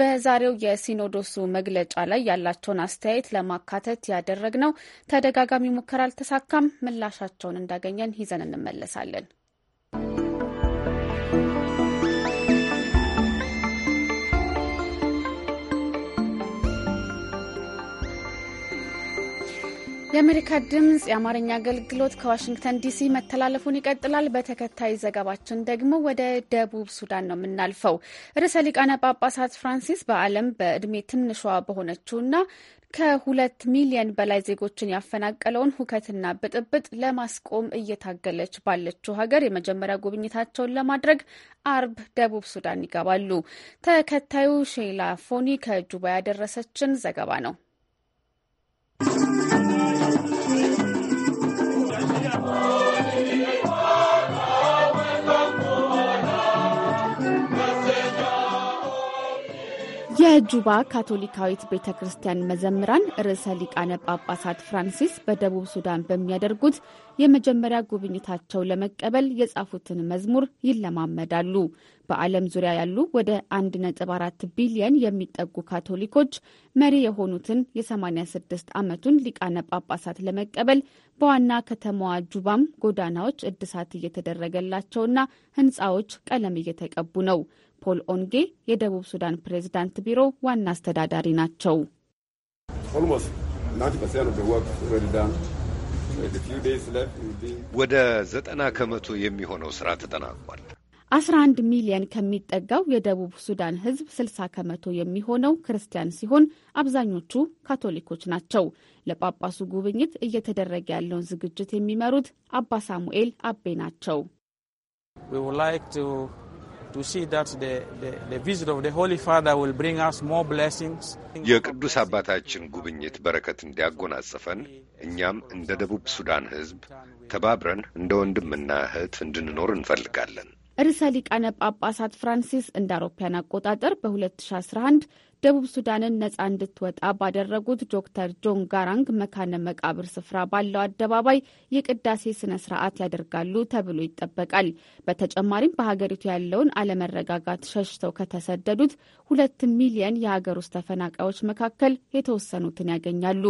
በዛሬው የሲኖዶሱ መግለጫ ላይ ያላቸውን አስተያየት ለማካተት ያደረግነው ተደጋጋሚ ሙከራ አልተሳካም። ምላሻቸውን እንዳገኘን ይዘን እንመለሳለን። የአሜሪካ ድምፅ የአማርኛ አገልግሎት ከዋሽንግተን ዲሲ መተላለፉን ይቀጥላል። በተከታይ ዘገባችን ደግሞ ወደ ደቡብ ሱዳን ነው የምናልፈው። ርዕሰ ሊቃነ ጳጳሳት ፍራንሲስ በዓለም በእድሜ ትንሿ በሆነችውና ከሁለት ሚሊዮን በላይ ዜጎችን ያፈናቀለውን ሁከትና ብጥብጥ ለማስቆም እየታገለች ባለችው ሀገር የመጀመሪያ ጉብኝታቸውን ለማድረግ አርብ ደቡብ ሱዳን ይገባሉ። ተከታዩ ሼላ ፎኒ ከጁባ ያደረሰችን ዘገባ ነው። በጁባ ካቶሊካዊት ቤተ ክርስቲያን መዘምራን ርዕሰ ሊቃነ ጳጳሳት ፍራንሲስ በደቡብ ሱዳን በሚያደርጉት የመጀመሪያ ጉብኝታቸው ለመቀበል የጻፉትን መዝሙር ይለማመዳሉ። በዓለም ዙሪያ ያሉ ወደ 1.4 ቢሊየን የሚጠጉ ካቶሊኮች መሪ የሆኑትን የ86 ዓመቱን ሊቃነ ጳጳሳት ለመቀበል በዋና ከተማዋ ጁባም ጎዳናዎች እድሳት እየተደረገላቸውና ሕንፃዎች ቀለም እየተቀቡ ነው። ፖል ኦንጌ የደቡብ ሱዳን ፕሬዝዳንት ቢሮ ዋና አስተዳዳሪ ናቸው። ወደ ዘጠና ከመቶ የሚሆነው ስራ ተጠናቋል። 11 ሚሊየን ከሚጠጋው የደቡብ ሱዳን ሕዝብ 60 ከመቶ የሚሆነው ክርስቲያን ሲሆን አብዛኞቹ ካቶሊኮች ናቸው። ለጳጳሱ ጉብኝት እየተደረገ ያለውን ዝግጅት የሚመሩት አባ ሳሙኤል አቤ ናቸው። የቅዱስ አባታችን ጉብኝት በረከት እንዲያጎናጽፈን እኛም እንደ ደቡብ ሱዳን ሕዝብ ተባብረን እንደ ወንድምና እህት እንድንኖር እንፈልጋለን። ርዕሰ ሊቃነ ጳጳሳት ፍራንሲስ እንደ አውሮፓያን አቆጣጠር በ2011 ደቡብ ሱዳንን ነጻ እንድትወጣ ባደረጉት ዶክተር ጆን ጋራንግ መካነ መቃብር ስፍራ ባለው አደባባይ የቅዳሴ ስነ ስርዓት ያደርጋሉ ተብሎ ይጠበቃል። በተጨማሪም በሀገሪቱ ያለውን አለመረጋጋት ሸሽተው ከተሰደዱት ሁለት ሚሊየን የሀገር ውስጥ ተፈናቃዮች መካከል የተወሰኑትን ያገኛሉ።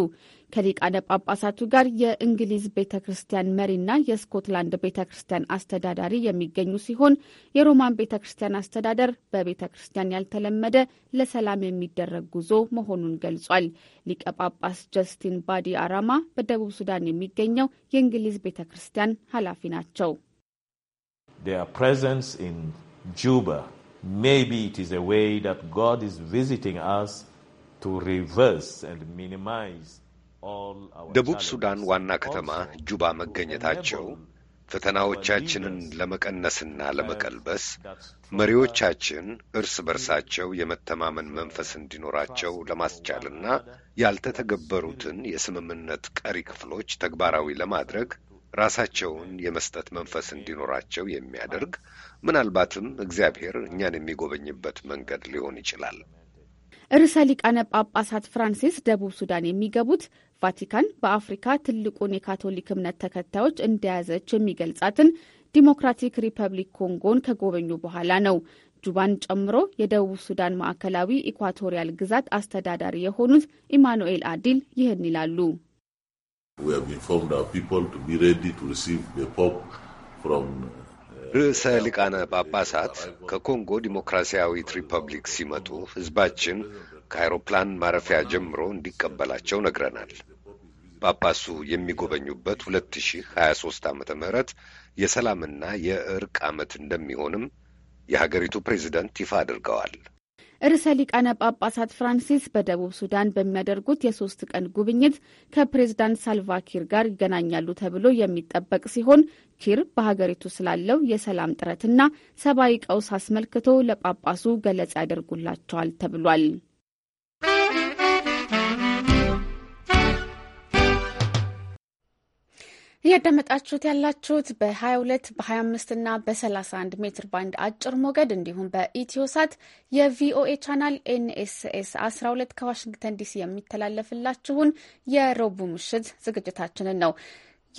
ከሊቃነ ጳጳሳቱ ጋር የእንግሊዝ ቤተ ክርስቲያን መሪና የስኮትላንድ ቤተ ክርስቲያን አስተዳዳሪ የሚገኙ ሲሆን የሮማን ቤተ ክርስቲያን አስተዳደር በቤተ ክርስቲያን ያልተለመደ ለሰላም የሚደረግ ጉዞ መሆኑን ገልጿል። ሊቀ ጳጳስ ጀስቲን ባዲ አራማ በደቡብ ሱዳን የሚገኘው የእንግሊዝ ቤተ ክርስቲያን ኃላፊ ናቸው። ሚኒማይዝ ደቡብ ሱዳን ዋና ከተማ ጁባ መገኘታቸው ፈተናዎቻችንን ለመቀነስና ለመቀልበስ መሪዎቻችን እርስ በርሳቸው የመተማመን መንፈስ እንዲኖራቸው ለማስቻልና ያልተተገበሩትን የስምምነት ቀሪ ክፍሎች ተግባራዊ ለማድረግ ራሳቸውን የመስጠት መንፈስ እንዲኖራቸው የሚያደርግ ምናልባትም እግዚአብሔር እኛን የሚጎበኝበት መንገድ ሊሆን ይችላል። ርዕሰ ሊቃነ ጳጳሳት ፍራንሲስ ደቡብ ሱዳን የሚገቡት ቫቲካን በአፍሪካ ትልቁን የካቶሊክ እምነት ተከታዮች እንደያዘች የሚገልጻትን ዲሞክራቲክ ሪፐብሊክ ኮንጎን ከጎበኙ በኋላ ነው። ጁባን ጨምሮ የደቡብ ሱዳን ማዕከላዊ ኢኳቶሪያል ግዛት አስተዳዳሪ የሆኑት ኢማኑኤል አዲል ይህን ይላሉ። uh, ርዕሰ ሊቃነ ጳጳሳት ከኮንጎ ዲሞክራሲያዊት ሪፐብሊክ ሲመጡ ሕዝባችን ከአይሮፕላን ማረፊያ ጀምሮ እንዲቀበላቸው ነግረናል። ጳጳሱ የሚጎበኙበት 2023 ዓ ምህረት የሰላምና የእርቅ ዓመት እንደሚሆንም የሀገሪቱ ፕሬዚደንት ይፋ አድርገዋል። ርዕሰ ሊቃነ ጳጳሳት ፍራንሲስ በደቡብ ሱዳን በሚያደርጉት የሶስት ቀን ጉብኝት ከፕሬዝዳንት ሳልቫኪር ጋር ይገናኛሉ ተብሎ የሚጠበቅ ሲሆን ኪር በሀገሪቱ ስላለው የሰላም ጥረትና ሰብአዊ ቀውስ አስመልክቶ ለጳጳሱ ገለጻ ያደርጉላቸዋል ተብሏል። እያዳመጣችሁት ያላችሁት በ22 በ25 እና በ31 ሜትር ባንድ አጭር ሞገድ እንዲሁም በኢትዮሳት የቪኦኤ ቻናል ኤንኤስኤስ 12 ከዋሽንግተን ዲሲ የሚተላለፍላችሁን የረቡ ምሽት ዝግጅታችንን ነው።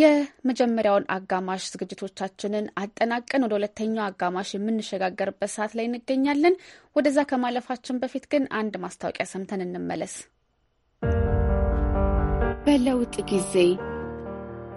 የመጀመሪያውን አጋማሽ ዝግጅቶቻችንን አጠናቀን ወደ ሁለተኛው አጋማሽ የምንሸጋገርበት ሰዓት ላይ እንገኛለን። ወደዛ ከማለፋችን በፊት ግን አንድ ማስታወቂያ ሰምተን እንመለስ። በለውጥ ጊዜ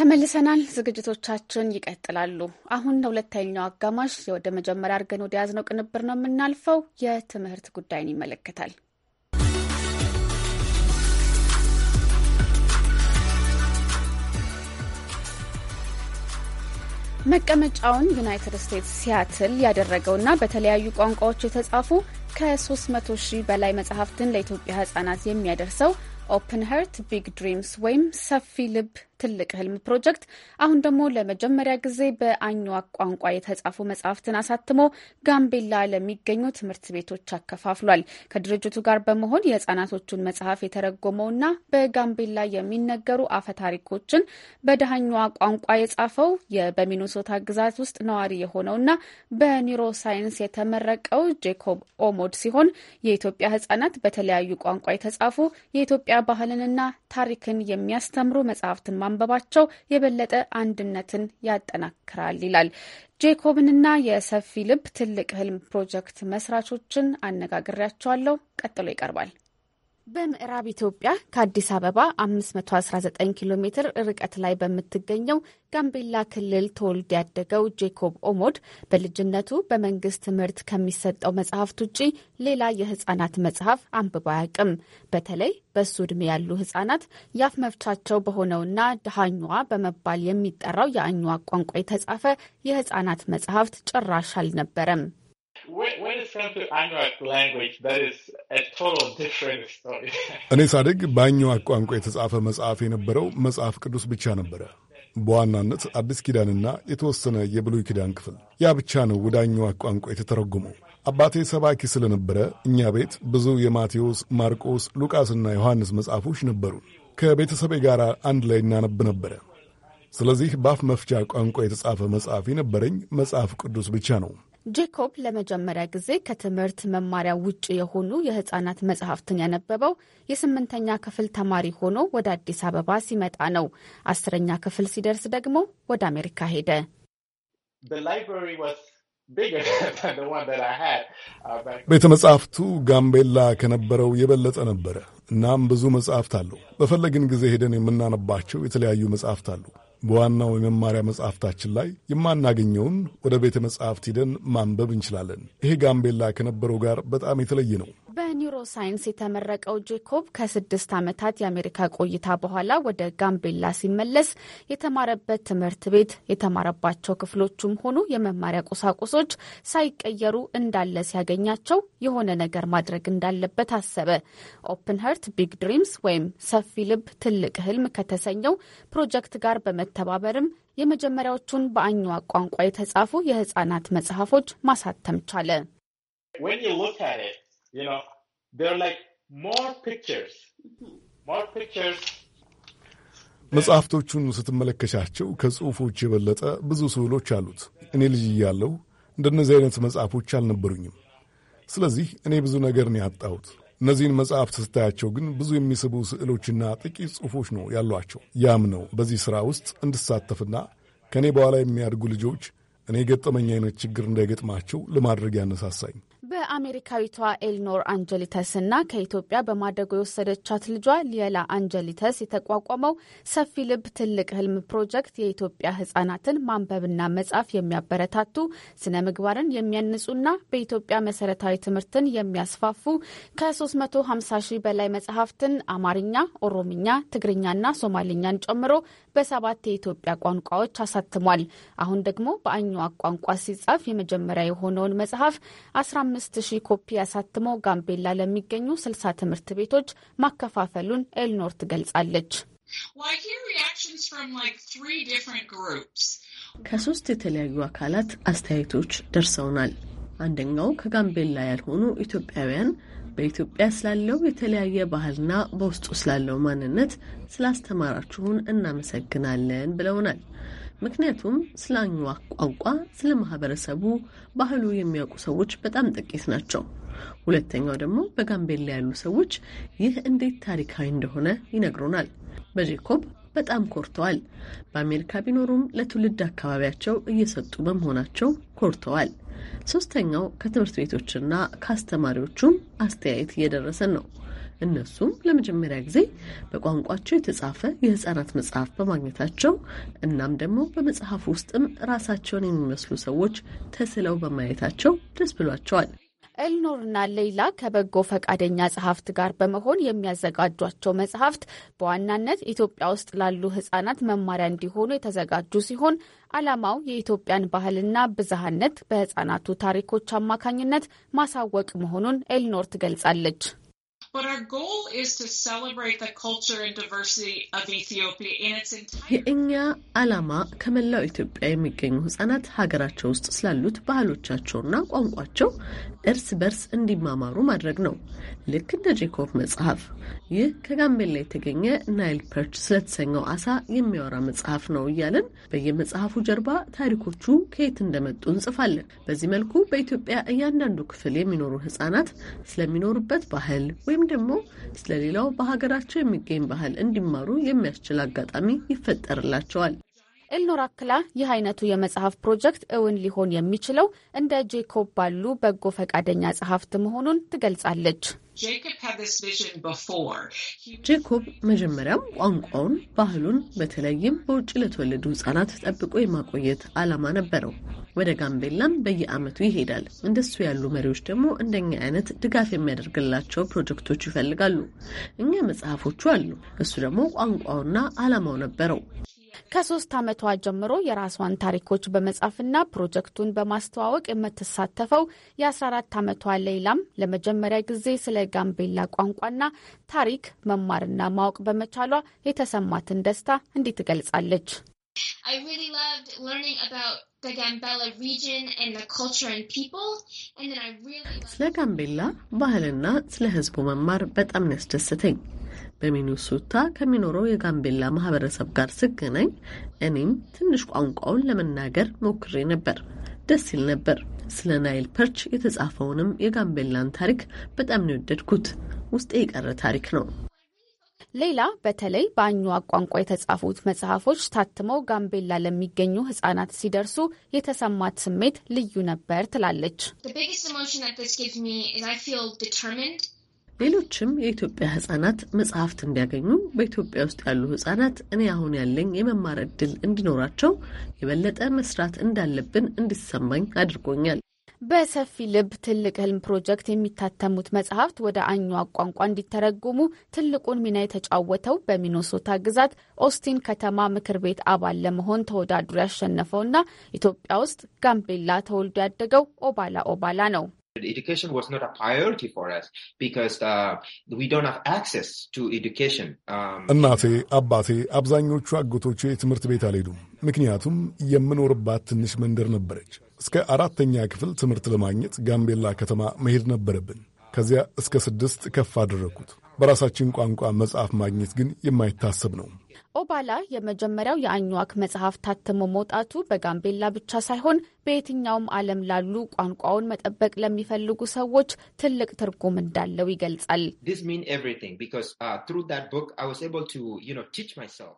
ተመልሰናል። ዝግጅቶቻችን ይቀጥላሉ። አሁን ለሁለተኛው አጋማሽ ወደ መጀመሪያ አድርገን ወደ ያዝነው ቅንብር ነው የምናልፈው። የትምህርት ጉዳይን ይመለከታል። መቀመጫውን ዩናይትድ ስቴትስ ሲያትል ያደረገውና በተለያዩ ቋንቋዎች የተጻፉ ከ300 ሺህ በላይ መጽሐፍትን ለኢትዮጵያ ህጻናት የሚያደርሰው ኦፕን ሀርት ቢግ ድሪምስ ወይም ሰፊ ልብ ትልቅ ህልም ፕሮጀክት አሁን ደግሞ ለመጀመሪያ ጊዜ በአኝዋክ ቋንቋ የተጻፉ መጽሐፍትን አሳትሞ ጋምቤላ ለሚገኙ ትምህርት ቤቶች አከፋፍሏል። ከድርጅቱ ጋር በመሆን የህጻናቶቹን መጽሐፍ የተረጎመውና በጋምቤላ የሚነገሩ አፈ ታሪኮችን በደሃኟ ቋንቋ የጻፈው በሚኒሶታ ግዛት ውስጥ ነዋሪ የሆነውና በኒውሮ ሳይንስ የተመረቀው ጄኮብ ኦሞድ ሲሆን የኢትዮጵያ ህጻናት በተለያዩ ቋንቋ የተጻፉ የኢትዮጵያ ባህልንና ታሪክን የሚያስተምሩ መጽሐፍትን ማንበባቸው የበለጠ አንድነትን ያጠናክራል ይላል። ጄኮብንና የሰፊ ልብ ትልቅ ህልም ፕሮጀክት መስራቾችን አነጋግሬያቸዋለሁ። ቀጥሎ ይቀርባል። በምዕራብ ኢትዮጵያ ከአዲስ አበባ 519 ኪሎ ሜትር ርቀት ላይ በምትገኘው ጋምቤላ ክልል ተወልዶ ያደገው ጄኮብ ኦሞድ በልጅነቱ በመንግስት ትምህርት ከሚሰጠው መጽሐፍት ውጪ ሌላ የህጻናት መጽሐፍ አንብቦ አያውቅም። በተለይ በሱ ዕድሜ ያሉ ህጻናት ያፍ መፍቻቸው በሆነውና ድሃኟ በመባል የሚጠራው የአኟ ቋንቋ የተጻፈ የህጻናት መጽሐፍት ጭራሽ አልነበረም። [LAUGHS] እኔ ሳድግ በአኝዋክ ቋንቋ የተጻፈ መጽሐፍ የነበረው መጽሐፍ ቅዱስ ብቻ ነበረ። በዋናነት አዲስ ኪዳንና የተወሰነ የብሉይ ኪዳን ክፍል። ያ ብቻ ነው ወደ አኝዋክ ቋንቋ የተተረጎመው። አባቴ ሰባኪ ስለነበረ እኛ ቤት ብዙ የማቴዎስ፣ ማርቆስ፣ ሉቃስና ዮሐንስ መጽሐፎች ነበሩ። ከቤተሰቤ ጋር አንድ ላይ እናነብ ነበረ። ስለዚህ በአፍ መፍቻ ቋንቋ የተጻፈ መጽሐፍ የነበረኝ መጽሐፍ ቅዱስ ብቻ ነው። ጄኮብ ለመጀመሪያ ጊዜ ከትምህርት መማሪያ ውጭ የሆኑ የህጻናት መጽሐፍትን ያነበበው የስምንተኛ ክፍል ተማሪ ሆኖ ወደ አዲስ አበባ ሲመጣ ነው። አስረኛ ክፍል ሲደርስ ደግሞ ወደ አሜሪካ ሄደ። [LAUGHS] uh, ቤተ መጽሐፍቱ ጋምቤላ ከነበረው የበለጠ ነበረ። እናም ብዙ መጽሐፍት አለው። በፈለግን ጊዜ ሄደን የምናነባቸው የተለያዩ መጽሐፍት አሉ። በዋናው የመማሪያ መጽሐፍታችን ላይ የማናገኘውን ወደ ቤተ መጽሕፍት ሂደን ማንበብ እንችላለን። ይሄ ጋምቤላ ከነበረው ጋር በጣም የተለየ ነው። በኒውሮ ሳይንስ የተመረቀው ጄኮብ ከስድስት ዓመታት የአሜሪካ ቆይታ በኋላ ወደ ጋምቤላ ሲመለስ የተማረበት ትምህርት ቤት የተማረባቸው ክፍሎቹም ሆኑ የመማሪያ ቁሳቁሶች ሳይቀየሩ እንዳለ ሲያገኛቸው የሆነ ነገር ማድረግ እንዳለበት አሰበ። ኦፕን ሀርት ቢግ ድሪምስ ወይም ሰፊ ልብ ትልቅ ህልም ከተሰኘው ፕሮጀክት ጋር በመተባበርም የመጀመሪያዎቹን በአኝዋ ቋንቋ የተጻፉ የህጻናት መጽሐፎች ማሳተም ቻለ። you know, are like more pictures, more pictures. መጽሐፍቶቹን ስትመለከቻቸው ከጽሑፎች የበለጠ ብዙ ስዕሎች አሉት። እኔ ልጅ እያለሁ እንደነዚህ አይነት መጽሐፎች አልነበሩኝም። ስለዚህ እኔ ብዙ ነገር ያጣሁት። እነዚህን መጽሐፍት ስታያቸው ግን ብዙ የሚስቡ ስዕሎችና ጥቂት ጽሑፎች ነው ያሏቸው። ያም ነው በዚህ ሥራ ውስጥ እንድሳተፍና ከእኔ በኋላ የሚያድጉ ልጆች እኔ የገጠመኝ አይነት ችግር እንዳይገጥማቸው ለማድረግ ያነሳሳኝ። በአሜሪካዊቷ ኤልኖር አንጀሊተስ እና ከኢትዮጵያ በማደጎ የወሰደቻት ልጇ ሊየላ አንጀሊተስ የተቋቋመው ሰፊ ልብ ትልቅ ህልም ፕሮጀክት የኢትዮጵያ ህጻናትን ማንበብና መጻፍ የሚያበረታቱ ስነ ምግባርን የሚያንጹና በኢትዮጵያ መሰረታዊ ትምህርትን የሚያስፋፉ ከ350 ሺህ በላይ መጽሐፍትን አማርኛ፣ ኦሮምኛ፣ ትግርኛና ሶማሊኛን ጨምሮ በሰባት የኢትዮጵያ ቋንቋዎች አሳትሟል። አሁን ደግሞ በአኝዋክ ቋንቋ ሲጻፍ የመጀመሪያ የሆነውን መጽሐፍ 15 አምስት ሺህ ኮፒ አሳትሞ ጋምቤላ ለሚገኙ ስልሳ ትምህርት ቤቶች ማከፋፈሉን ኤልኖር ትገልጻለች። ከሶስት የተለያዩ አካላት አስተያየቶች ደርሰውናል። አንደኛው ከጋምቤላ ያልሆኑ ኢትዮጵያውያን በኢትዮጵያ ስላለው የተለያየ ባህልና በውስጡ ስላለው ማንነት ስላስተማራችሁን እናመሰግናለን ብለውናል። ምክንያቱም ስለ አኟ ቋንቋ፣ ስለ ማህበረሰቡ ባህሉ የሚያውቁ ሰዎች በጣም ጥቂት ናቸው። ሁለተኛው ደግሞ በጋምቤላ ያሉ ሰዎች ይህ እንዴት ታሪካዊ እንደሆነ ይነግሩናል። በጄኮብ በጣም ኮርተዋል። በአሜሪካ ቢኖሩም ለትውልድ አካባቢያቸው እየሰጡ በመሆናቸው ኮርተዋል። ሶስተኛው ከትምህርት ቤቶችና ከአስተማሪዎቹም አስተያየት እየደረሰን ነው። እነሱም ለመጀመሪያ ጊዜ በቋንቋቸው የተጻፈ የህጻናት መጽሐፍ በማግኘታቸው እናም ደግሞ በመጽሐፍ ውስጥም ራሳቸውን የሚመስሉ ሰዎች ተስለው በማየታቸው ደስ ብሏቸዋል። ኤልኖርና ሌይላ ከበጎ ፈቃደኛ ጸሐፍት ጋር በመሆን የሚያዘጋጇቸው መጽሐፍት በዋናነት ኢትዮጵያ ውስጥ ላሉ ህጻናት መማሪያ እንዲሆኑ የተዘጋጁ ሲሆን ዓላማው የኢትዮጵያን ባህልና ብዝሃነት በህጻናቱ ታሪኮች አማካኝነት ማሳወቅ መሆኑን ኤልኖር ትገልጻለች። የእኛ ዓላማ ከመላው ኢትዮጵያ የሚገኙ ህጻናት ሀገራቸው ውስጥ ስላሉት ባህሎቻቸውና ቋንቋቸው እርስ በርስ እንዲማማሩ ማድረግ ነው። ልክ እንደ ጄኮብ መጽሐፍ። ይህ ከጋምቤላ የተገኘ ናይል ፐርች ስለተሰኘው አሳ የሚያወራ መጽሐፍ ነው እያለን በየመጽሐፉ ጀርባ ታሪኮቹ ከየት እንደመጡ እንጽፋለን። በዚህ መልኩ በኢትዮጵያ እያንዳንዱ ክፍል የሚኖሩ ህጻናት ስለሚኖሩበት ባህል ወይም ወይም ደግሞ ስለሌላው በሀገራቸው የሚገኝ ባህል እንዲማሩ የሚያስችል አጋጣሚ ይፈጠርላቸዋል። ኤልኖር አክላ ይህ አይነቱ የመጽሐፍ ፕሮጀክት እውን ሊሆን የሚችለው እንደ ጄኮብ ባሉ በጎ ፈቃደኛ ጸሐፍት መሆኑን ትገልጻለች። ጄኮብ መጀመሪያም ቋንቋውን፣ ባህሉን በተለይም በውጭ ለተወለዱ ህጻናት ጠብቆ የማቆየት አላማ ነበረው። ወደ ጋምቤላም በየአመቱ ይሄዳል። እንደሱ ያሉ መሪዎች ደግሞ እንደኛ አይነት ድጋፍ የሚያደርግላቸው ፕሮጀክቶች ይፈልጋሉ። እኛ መጽሐፎቹ አሉ፣ እሱ ደግሞ ቋንቋውና አላማው ነበረው። ከሶስት ዓመቷ ጀምሮ የራሷን ታሪኮች በመጻፍና ፕሮጀክቱን በማስተዋወቅ የምትሳተፈው የ14 ዓመቷ ሌይላም ለመጀመሪያ ጊዜ ስለ ጋምቤላ ቋንቋና ታሪክ መማርና ማወቅ በመቻሏ የተሰማትን ደስታ እንዲህ ትገልጻለች። ስለ ጋምቤላ ባህልና ስለ ሕዝቡ መማር በጣም ያስደስተኝ። በሚኒሶታ ከሚኖረው የጋምቤላ ማህበረሰብ ጋር ስገናኝ እኔም ትንሽ ቋንቋውን ለመናገር ሞክሬ ነበር። ደስ ይል ነበር። ስለ ናይል ፐርች የተጻፈውንም የጋምቤላን ታሪክ በጣም ነው የወደድኩት። ውስጤ የቀረ ታሪክ ነው። ሌላ በተለይ በአኝዋክ ቋንቋ የተጻፉት መጽሐፎች ታትመው ጋምቤላ ለሚገኙ ህጻናት ሲደርሱ የተሰማት ስሜት ልዩ ነበር ትላለች። ሌሎችም የኢትዮጵያ ህጻናት መጽሐፍት እንዲያገኙ በኢትዮጵያ ውስጥ ያሉ ህጻናት እኔ አሁን ያለኝ የመማር እድል እንዲኖራቸው የበለጠ መስራት እንዳለብን እንዲሰማኝ አድርጎኛል። በሰፊ ልብ ትልቅ ህልም ፕሮጀክት የሚታተሙት መጽሐፍት ወደ አኟዋ ቋንቋ እንዲተረጉሙ ትልቁን ሚና የተጫወተው በሚኖሶታ ግዛት ኦስቲን ከተማ ምክር ቤት አባል ለመሆን ተወዳድሮ ያሸነፈውና ኢትዮጵያ ውስጥ ጋምቤላ ተወልዶ ያደገው ኦባላ ኦባላ ነው። Education was not a priority for us because uh, we don't have access to education. Um, እናቴ አባቴ፣ አብዛኞቹ አጎቶቼ ትምህርት ቤት አልሄዱም፣ ምክንያቱም የምኖርባት ትንሽ መንደር ነበረች። እስከ አራተኛ ክፍል ትምህርት ለማግኘት ጋምቤላ ከተማ መሄድ ነበረብን። ከዚያ እስከ ስድስት ከፍ አደረግኩት። በራሳችን ቋንቋ መጽሐፍ ማግኘት ግን የማይታሰብ ነው። ኦባላ የመጀመሪያው የአኝዋክ መጽሐፍ ታትሞ መውጣቱ በጋምቤላ ብቻ ሳይሆን በየትኛውም ዓለም ላሉ ቋንቋውን መጠበቅ ለሚፈልጉ ሰዎች ትልቅ ትርጉም እንዳለው ይገልጻል። uh,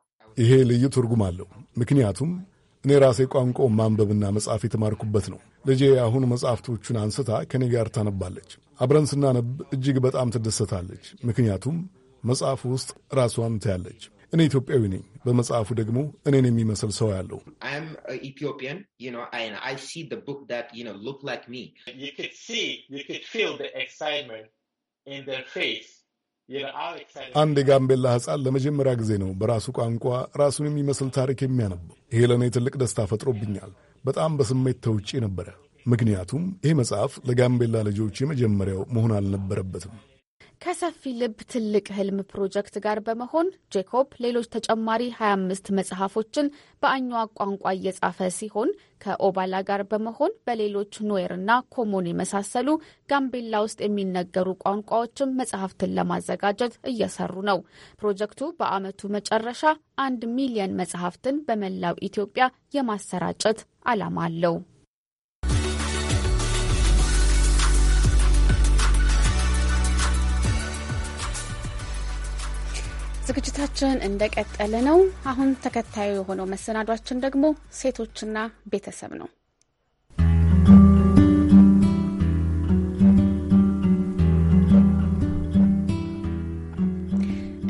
ይሄ ልዩ ትርጉም አለው፣ ምክንያቱም እኔ ራሴ ቋንቋውን ማንበብና መጽሐፍ የተማርኩበት ነው። ልጄ አሁን መጽሐፍቶቹን አንስታ ከኔ ጋር ታነባለች። አብረን ስናነብ እጅግ በጣም ትደሰታለች፣ ምክንያቱም መጽሐፍ ውስጥ ራሷን ትያለች። እኔ ኢትዮጵያዊ ነኝ። በመጽሐፉ ደግሞ እኔን የሚመስል ሰው ያለው አንድ የጋምቤላ ሕፃን ለመጀመሪያ ጊዜ ነው በራሱ ቋንቋ ራሱን የሚመስል ታሪክ የሚያነበው። ይሄ ለእኔ ትልቅ ደስታ ፈጥሮብኛል። በጣም በስሜት ተውጬ ነበረ። ምክንያቱም ይህ መጽሐፍ ለጋምቤላ ልጆች የመጀመሪያው መሆን አልነበረበትም። ከሰፊ ልብ ትልቅ ህልም ፕሮጀክት ጋር በመሆን ጄኮብ ሌሎች ተጨማሪ 25 መጽሐፎችን በአኟ ቋንቋ እየጻፈ ሲሆን ከኦባላ ጋር በመሆን በሌሎች ና ኮሞን የመሳሰሉ ጋምቤላ ውስጥ የሚነገሩ ቋንቋዎችን መጽሐፍትን ለማዘጋጀት እየሰሩ ነው። ፕሮጀክቱ በዓመቱ መጨረሻ አንድ ሚሊየን መጽሐፍትን በመላው ኢትዮጵያ የማሰራጨት ዓላማ አለው። ዝግጅታችን እንደቀጠለ ነው። አሁን ተከታዩ የሆነው መሰናዷችን ደግሞ ሴቶችና ቤተሰብ ነው።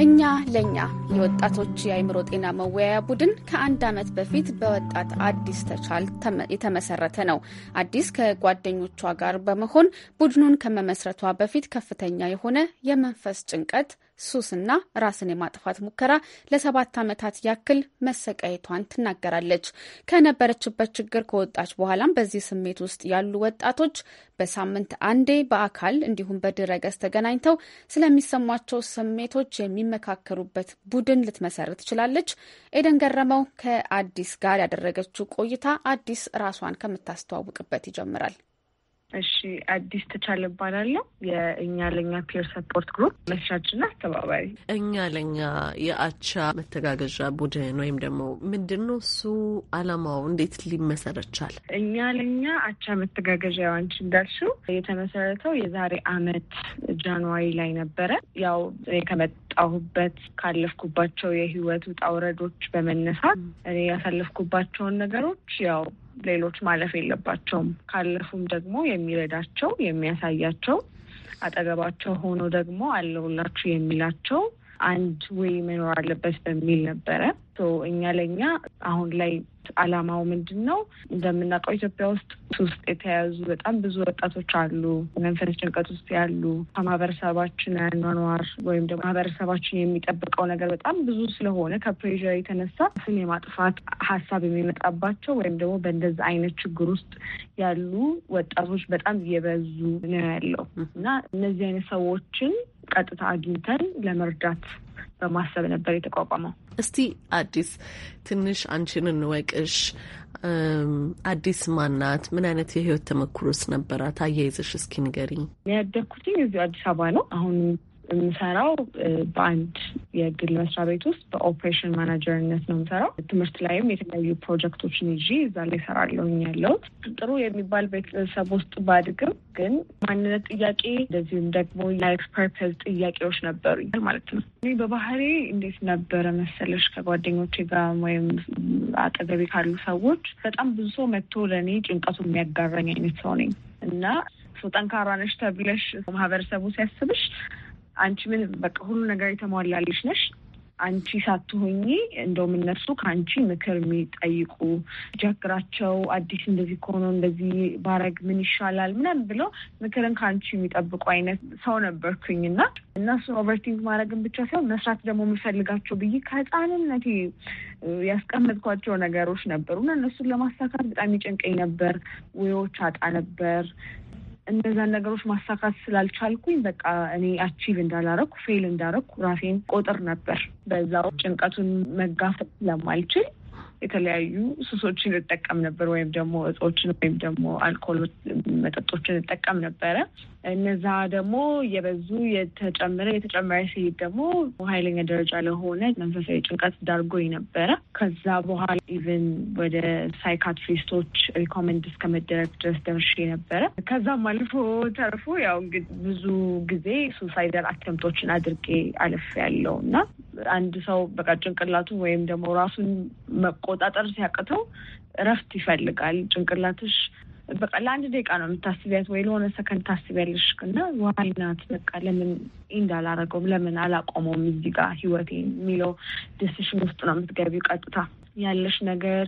እኛ ለእኛ የወጣቶች የአይምሮ ጤና መወያያ ቡድን ከአንድ ዓመት በፊት በወጣት አዲስ ተቻል የተመሰረተ ነው። አዲስ ከጓደኞቿ ጋር በመሆን ቡድኑን ከመመስረቷ በፊት ከፍተኛ የሆነ የመንፈስ ጭንቀት ሱስና ራስን የማጥፋት ሙከራ ለሰባት ዓመታት ያክል መሰቃየቷን ትናገራለች። ከነበረችበት ችግር ከወጣች በኋላም በዚህ ስሜት ውስጥ ያሉ ወጣቶች በሳምንት አንዴ በአካል እንዲሁም በድረገጽ ተገናኝተው ስለሚሰሟቸው ስሜቶች የሚመካከሩበት ቡድን ልትመሰርት ትችላለች። ኤደን ገረመው ከአዲስ ጋር ያደረገችው ቆይታ አዲስ ራሷን ከምታስተዋውቅበት ይጀምራል። እሺ አዲስ ተቻለ እባላለሁ። የእኛ ለኛ ፒር ሰፖርት ግሩፕ መስራችና አስተባባሪ። እኛ ለኛ የአቻ መተጋገዣ ቡድን ወይም ደግሞ ምንድን ነው እሱ? አላማው እንዴት ሊመሰረቻል? እኛ ለኛ አቻ መተጋገዣ አንቺ እንዳልሽው የተመሰረተው የዛሬ አመት ጃንዋሪ ላይ ነበረ። ያው ከመጣሁበት ካለፍኩባቸው የህይወት ውጣ ውረዶች በመነሳት እኔ ያሳለፍኩባቸውን ነገሮች ያው ሌሎች ማለፍ የለባቸውም። ካለፉም ደግሞ የሚረዳቸው የሚያሳያቸው፣ አጠገባቸው ሆኖ ደግሞ አለውላችሁ የሚላቸው አንድ ወይ መኖር አለበት በሚል ነበረ እኛ ለእኛ አሁን ላይ አላማው ምንድን ነው? እንደምናውቀው ኢትዮጵያ ውስጥ ውስጥ የተያዙ በጣም ብዙ ወጣቶች አሉ፣ መንፈስ ጭንቀት ውስጥ ያሉ ከማህበረሰባችን አኗኗር ወይም ደግሞ ማህበረሰባችን የሚጠብቀው ነገር በጣም ብዙ ስለሆነ ከፕሬዥር የተነሳ ስም የማጥፋት ሀሳብ የሚመጣባቸው ወይም ደግሞ በእንደዛ አይነት ችግር ውስጥ ያሉ ወጣቶች በጣም እየበዙ ነው ያለው እና እነዚህ አይነት ሰዎችን ቀጥታ አግኝተን ለመርዳት በማሰብ ነበር የተቋቋመው። እስቲ አዲስ ትንሽ አንቺን እንወቅሽ። አዲስ ማናት? ምን አይነት የህይወት ተመክሮስ ነበራት? አያይዘሽ እስኪ ንገሪኝ። ያደግኩትኝ እዚሁ አዲስ አበባ ነው። አሁን የምሰራው በአንድ የግል መስሪያ ቤት ውስጥ በኦፕሬሽን ማናጀርነት ነው የምሰራው። ትምህርት ላይም የተለያዩ ፕሮጀክቶችን ይዤ እዛ ላይ እሰራለሁ ያለው ጥሩ የሚባል ቤተሰብ ውስጥ ባድግም ግን ማንነት ጥያቄ እንደዚሁም ደግሞ ላይፍ ፐርፐዝ ጥያቄዎች ነበሩኝ ማለት ነው። እኔ በባህሬ እንዴት ነበረ መሰለሽ ከጓደኞቼ ጋር ወይም አጠገቤ ካሉ ሰዎች በጣም ብዙ ሰው መጥቶ ለእኔ ጭንቀቱ የሚያጋረኝ አይነት ሰው ነኝ እና ጠንካራ ነሽ ተብለሽ ማህበረሰቡ ሲያስብሽ አንቺ ምን በቃ ሁሉ ነገር የተሟላልሽ ነሽ አንቺ ሳትሆኚ እንደውም እነሱ ከአንቺ ምክር የሚጠይቁ ጀግራቸው አዲስ እንደዚህ ከሆነ እንደዚህ ባረግ ምን ይሻላል ምናምን ብለው ምክርን ከአንቺ የሚጠብቁ አይነት ሰው ነበርኩኝ እና እነሱ ኦቨርቲንግ ማድረግን ብቻ ሳይሆን መስራት ደግሞ የምፈልጋቸው ብዬ ከህፃንነት ያስቀመጥኳቸው ነገሮች ነበሩ እና እነሱን ለማሳካት በጣም ይጨንቀኝ ነበር። ውዎች አጣ ነበር እነዛን ነገሮች ማሳካት ስላልቻልኩኝ በቃ እኔ አቺቭ እንዳላረኩ ፌል እንዳረኩ ራሴን ቆጥር ነበር። በዛው ጭንቀቱን መጋፈጥ ስለማልችል የተለያዩ ሱሶችን እጠቀም ነበር፣ ወይም ደግሞ እጾችን ወይም ደግሞ አልኮል መጠጦችን እጠቀም ነበረ። እነዛ ደግሞ የበዙ የተጨመረ የተጨመረ ሲሄድ ደግሞ ኃይለኛ ደረጃ ለሆነ መንፈሳዊ ጭንቀት ዳርጎኝ ነበረ። ከዛ በኋላ ኢቨን ወደ ሳይካትሪስቶች ሪኮመንድ እስከመደረግ ድረስ ደርሼ ነበረ። ከዛም አልፎ ተርፎ ያው እንግዲህ ብዙ ጊዜ ሱሳይደር አተምቶችን አድርጌ አልፌያለሁ እና አንድ ሰው በቃ ጭንቅላቱን ወይም ደግሞ ራሱን መቆ መቆጣጠር ሲያቅተው እረፍት ይፈልጋል። ጭንቅላትሽ በቃ ለአንድ ደቂቃ ነው የምታስቢያት ወይ ለሆነ ሰከንድ ታስቢያለሽ እና ዋይናት በቃ ለምን እንዳላረገውም ለምን አላቆመውም እዚህ ጋር ህይወቴ የሚለው ደስሽን ውስጥ ነው የምትገቢው ቀጥታ ያለሽ ነገር፣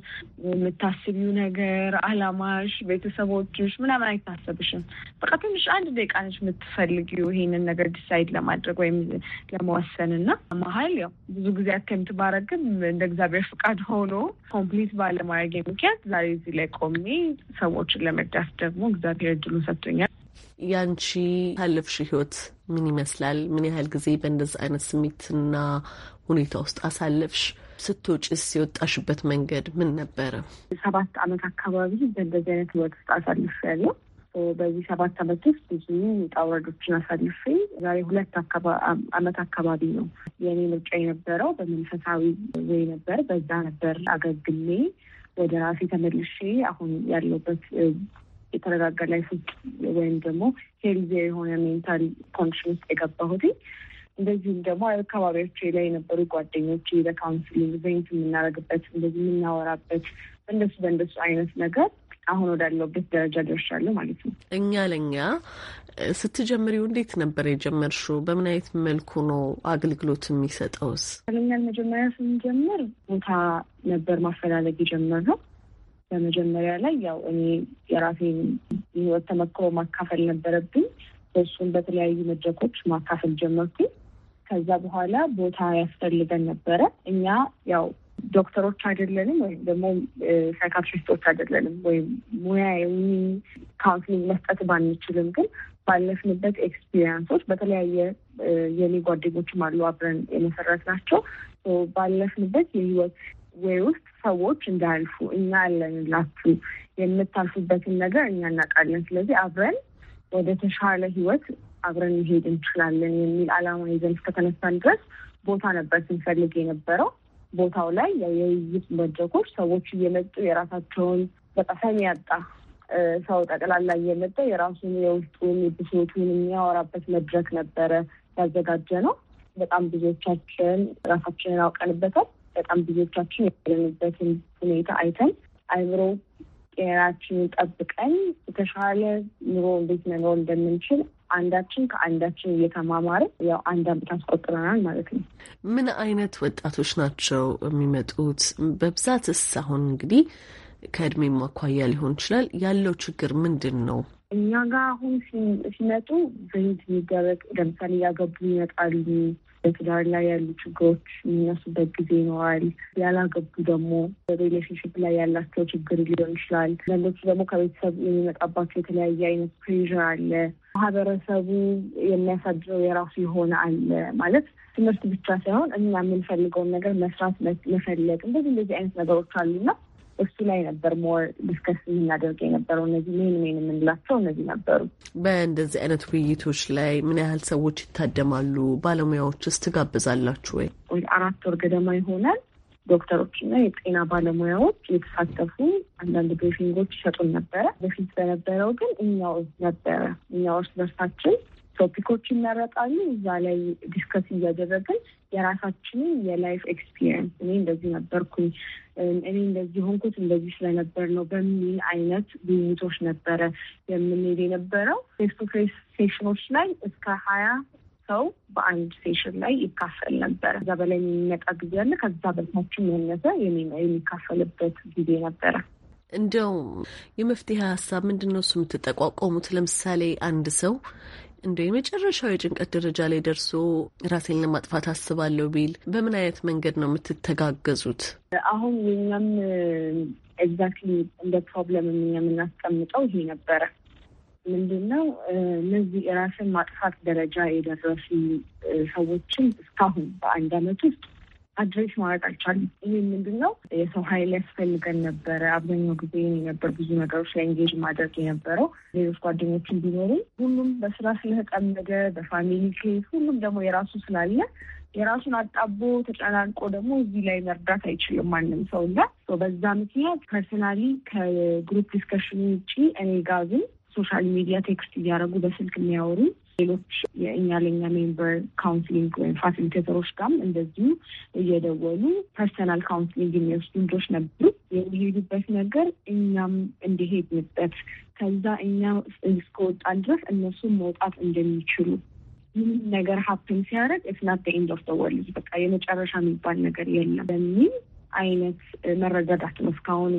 የምታስቢው ነገር፣ አላማሽ፣ ቤተሰቦችሽ ምናምን አይታሰብሽም። በቃ ትንሽ አንድ ደቂቃ ነች የምትፈልጊው ይሄንን ነገር ዲሳይድ ለማድረግ ወይም ለመወሰን እና መሀል ያው ብዙ ጊዜ አተምት ባረግም እንደ እግዚአብሔር ፍቃድ ሆኖ ኮምፕሊት ባለማድረግ ምክንያት ዛሬ እዚህ ላይ ቆሜ ሰዎችን ለመርዳት ደግሞ እግዚአብሔር እድሉን ሰጥቶኛል። ያንቺ ያለፍሽ ህይወት ምን ይመስላል? ምን ያህል ጊዜ በእንደዚህ አይነት ስሜትና ሁኔታ ውስጥ አሳለፍሽ? ስትወጭስ የወጣሽበት መንገድ ምን ነበረ? ሰባት አመት አካባቢ በእንደዚህ አይነት ህይወት ውስጥ አሳልፍ ያለው በዚህ ሰባት አመት ውስጥ ብዙ ውጣ ውረዶችን አሳልፌ ዛሬ ሁለት አመት አካባቢ ነው የእኔ ምርጫ የነበረው በመንፈሳዊ ወይ ነበር። በዛ ነበር አገግሜ ወደ ራሴ ተመልሼ አሁን ያለበት የተረጋጋ ላይፍ ወይም ደግሞ ሄልዚ የሆነ ሜንታል ኮንዲሽን ውስጥ የገባሁት እንደዚሁም ደግሞ አካባቢዎች ላይ የነበሩ ጓደኞች ለካውንስሊንግ ዘኝት የምናደርግበት እንደዚህ የምናወራበት በእንደሱ በእንደሱ አይነት ነገር አሁን ወዳለውበት ደረጃ ደርሻለሁ ማለት ነው። እኛ ለእኛ ስትጀምሪው እንዴት ነበር የጀመርሽው? በምን አይነት መልኩ ነው አገልግሎት የሚሰጠውስ? ለኛል መጀመሪያ ስንጀምር ቦታ ነበር ማፈላለግ የጀመርነው። በመጀመሪያ ላይ ያው እኔ የራሴን የህይወት ተመክሮ ማካፈል ነበረብኝ። እሱን በተለያዩ መድረኮች ማካፈል ጀመርኩኝ። ከዛ በኋላ ቦታ ያስፈልገን ነበረ። እኛ ያው ዶክተሮች አይደለንም ወይም ደግሞ ሳይካትሪስቶች አይደለንም ወይም ሙያዊ ካውንስሊንግ መስጠት ባንችልም ግን ባለፍንበት ኤክስፒሪንሶች በተለያየ የኔ ጓደኞችም አሉ አብረን የመሰረት ናቸው ባለፍንበት የህይወት ወይ ውስጥ ሰዎች እንዳያልፉ እኛ ያለንላችሁ የምታልፉበትን ነገር እኛ እናውቃለን። ስለዚህ አብረን ወደ ተሻለ ህይወት አብረን መሄድ እንችላለን የሚል አላማ ይዘን እስከተነሳን ድረስ ቦታ ነበር ስንፈልግ የነበረው። ቦታው ላይ የውይይት መድረኮች ሰዎች እየመጡ የራሳቸውን በቃ ሰሚ ያጣ ሰው ጠቅላላ እየመጣ የራሱን የውስጡን የብሶቱን የሚያወራበት መድረክ ነበረ ያዘጋጀ ነው። በጣም ብዙዎቻችን ራሳችንን አውቀንበታል። በጣም ብዙዎቻችን የለንበትን ሁኔታ አይተን አይምሮ ጤናችንን ጠብቀን የተሻለ ኑሮ እንዴት መኖር እንደምንችል አንዳችን ከአንዳችን እየተማማረ ያው አንድ አመት አስቆጥረናል ማለት ነው። ምን አይነት ወጣቶች ናቸው የሚመጡት? በብዛትስ አሁን እንግዲህ ከእድሜም አኳያ ሊሆን ይችላል ያለው ችግር ምንድን ነው? እኛ ጋር አሁን ሲመጡ ዘይት የሚደረግ ለምሳሌ ያገቡ ይመጣሉ በትዳር ላይ ያሉ ችግሮች የሚነሱበት ጊዜ ይኖራል። ያላገቡ ደግሞ በሪሌሽንሽፕ ላይ ያላቸው ችግር ሊሆን ይችላል። አንዳንዶቹ ደግሞ ከቤተሰብ የሚመጣባቸው የተለያየ አይነት ፕሬዥር አለ። ማህበረሰቡ የሚያሳድረው የራሱ የሆነ አለ ማለት ትምህርት ብቻ ሳይሆን እኛ የምንፈልገውን ነገር መስራት መፈለግ እንደዚህ እንደዚህ አይነት ነገሮች አሉና እሱ ላይ ነበር ሞር ዲስከስ የምናደርግ የነበረው። እነዚህ ሜን ሜን የምንላቸው እነዚህ ነበሩ። በእንደዚህ አይነት ውይይቶች ላይ ምን ያህል ሰዎች ይታደማሉ? ባለሙያዎችስ ትጋብዛላችሁ ወይ? ወይ አራት ወር ገደማ ይሆናል ዶክተሮችና የጤና ባለሙያዎች የተሳተፉ አንዳንድ ብሪፊንጎች ይሰጡን ነበረ። በፊት በነበረው ግን እኛው ነበረ እኛው እርስ በርሳችን ቶፒኮች ይመረጣሉ። እዛ ላይ ዲስከስ እያደረግን የራሳችንን የላይፍ ኤክስፒሪየንስ እኔ እንደዚህ ነበርኩኝ፣ እኔ እንደዚህ ሆንኩት፣ እንደዚህ ስለነበር ነው በሚል አይነት ውይይቶች ነበረ የምንሄድ የነበረው። ፌስ ቱ ፌስ ሴሽኖች ላይ እስከ ሀያ ሰው በአንድ ሴሽን ላይ ይካፈል ነበረ። እዛ በላይ የሚመጣ ጊዜ አለ። ከዛ በታችን ያነሰ የሚካፈልበት ጊዜ ነበረ። እንዲያውም የመፍትሄ ሀሳብ ምንድን ነው? እሱ የምትጠቋቋሙት ለምሳሌ አንድ ሰው እንደ የመጨረሻው የጭንቀት ደረጃ ላይ ደርሶ ራሴን ለማጥፋት አስባለሁ ቢል በምን አይነት መንገድ ነው የምትተጋገዙት? አሁን የኛም ኤግዛክትሊ እንደ ፕሮብለም የምናስቀምጠው ይሄ ነበረ። ምንድን ነው እነዚህ የራስን ማጥፋት ደረጃ የደረሱ ሰዎችን እስካሁን በአንድ አመት ውስጥ አድሬስ ማድረግ አልቻለም። ይህ ምንድን ነው? የሰው ኃይል ያስፈልገን ነበረ። አብዛኛው ጊዜ የነበር ብዙ ነገሮች ላይ ኢንጌጅ ማድረግ የነበረው ሌሎች ጓደኞችን ቢኖሩ ሁሉም በስራ ስለተጠመደ በፋሚሊ ኬስ ሁሉም ደግሞ የራሱ ስላለ የራሱን አጣቦ ተጨናንቆ ደግሞ እዚህ ላይ መርዳት አይችልም ማንም ሰው እና በዛ ምክንያት ፐርሰናሊ ከግሩፕ ዲስከሽን ውጭ እኔ ጋር ግን ሶሻል ሚዲያ ቴክስት እያደረጉ በስልክ የሚያወሩ ሌሎች የእኛ ለኛ ሜምበር ካውንስሊንግ ወይም ፋሲሊቴተሮች ጋርም እንደዚሁ እየደወሉ ፐርሰናል ካውንስሊንግ የሚወስዱ ልጆች ነበሩ። የሚሄዱበት ነገር እኛም እንደሄድንበት ከዛ እኛ እስከወጣን ድረስ እነሱም መውጣት እንደሚችሉ ምንም ነገር ሀፕን ሲያደርግ ኢትስ ናት ኤንድ ኦፍ ወርልድ በቃ የመጨረሻ የሚባል ነገር የለም በሚል አይነት መረዳዳት ነው እስካሁን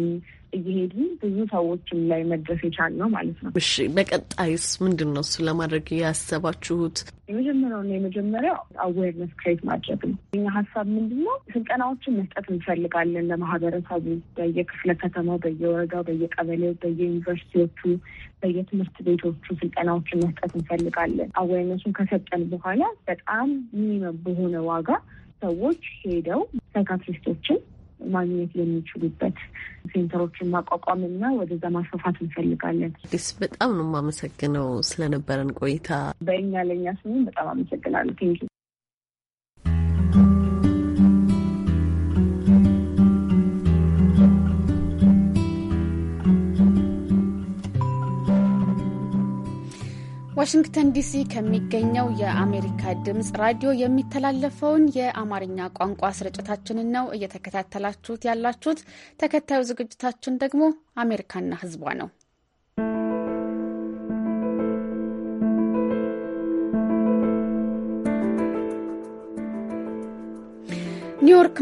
እየሄዱ ብዙ ሰዎችም ላይ መድረስ የቻል ነው ማለት ነው። እሺ፣ በቀጣይስ ምንድን ነው እሱ ለማድረግ ያሰባችሁት? የመጀመሪያውና የመጀመሪያው አዌርነስ ክሬት ማድረግ ነው። እኛ ሀሳብ ምንድን ነው ስልጠናዎችን መስጠት እንፈልጋለን ለማህበረሰቡ በየክፍለ ከተማው፣ በየወረዳው፣ በየቀበሌው፣ በየዩኒቨርሲቲዎቹ፣ በየትምህርት ቤቶቹ ስልጠናዎችን መስጠት እንፈልጋለን። አዌርነሱን ከሰጠን በኋላ በጣም ሚኒመም በሆነ ዋጋ ሰዎች ሄደው ሳይካትሪስቶችን ማግኘት የሚችሉበት ሴንተሮችን ማቋቋምና ወደዛ ማስፋፋት እንፈልጋለን። አዲስ በጣም ነው የማመሰግነው ስለነበረን ቆይታ። በእኛ ለእኛ ስሙ በጣም አመሰግናለሁ። ቴንኪው ዋሽንግተን ዲሲ ከሚገኘው የአሜሪካ ድምፅ ራዲዮ የሚተላለፈውን የአማርኛ ቋንቋ ስርጭታችንን ነው እየተከታተላችሁት ያላችሁት። ተከታዩ ዝግጅታችን ደግሞ አሜሪካና ሕዝቧ ነው። ኒውዮርክ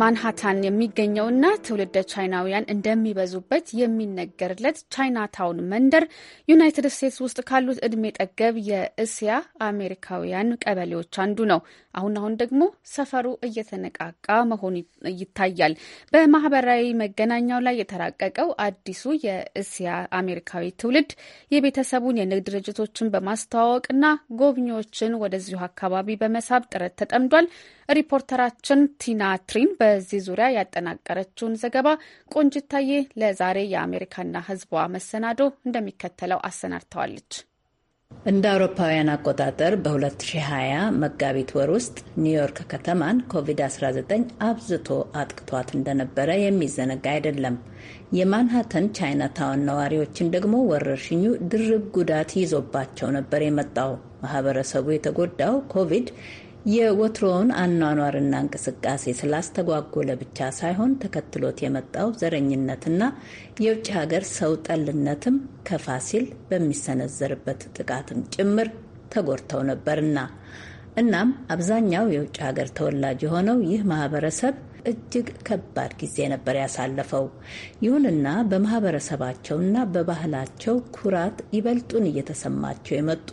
ማንሃታን የሚገኘውና ትውልደ ቻይናውያን እንደሚበዙበት የሚነገርለት ቻይናታውን መንደር ዩናይትድ ስቴትስ ውስጥ ካሉት እድሜ ጠገብ የእስያ አሜሪካውያን ቀበሌዎች አንዱ ነው። አሁን አሁን ደግሞ ሰፈሩ እየተነቃቃ መሆኑ ይታያል። በማህበራዊ መገናኛው ላይ የተራቀቀው አዲሱ የእስያ አሜሪካዊ ትውልድ የቤተሰቡን የንግድ ድርጅቶችን በማስተዋወቅና ጎብኚዎችን ወደዚሁ አካባቢ በመሳብ ጥረት ተጠምዷል። ሪፖርተራችን ቲና ትሪን በዚህ ዙሪያ ያጠናቀረችውን ዘገባ ቆንጅታዬ ለዛሬ የአሜሪካና ህዝቧ መሰናዶ እንደሚከተለው አሰናድተዋለች። እንደ አውሮፓውያን አቆጣጠር በ2020 መጋቢት ወር ውስጥ ኒውዮርክ ከተማን ኮቪድ-19 አብዝቶ አጥቅቷት እንደነበረ የሚዘነጋ አይደለም። የማንሃተን ቻይናታውን ነዋሪዎችን ደግሞ ወረርሽኙ ድርብ ጉዳት ይዞባቸው ነበር የመጣው። ማህበረሰቡ የተጎዳው ኮቪድ የወትሮውን አኗኗርና እንቅስቃሴ ስላስተጓጎለ ብቻ ሳይሆን ተከትሎት የመጣው ዘረኝነትና የውጭ ሀገር ሰው ጠልነትም ከፋሲል በሚሰነዘርበት ጥቃትም ጭምር ተጎድተው ነበርና እናም አብዛኛው የውጭ ሀገር ተወላጅ የሆነው ይህ ማህበረሰብ እጅግ ከባድ ጊዜ ነበር ያሳለፈው። ይሁንና በማህበረሰባቸውና በባህላቸው ኩራት ይበልጡን እየተሰማቸው የመጡ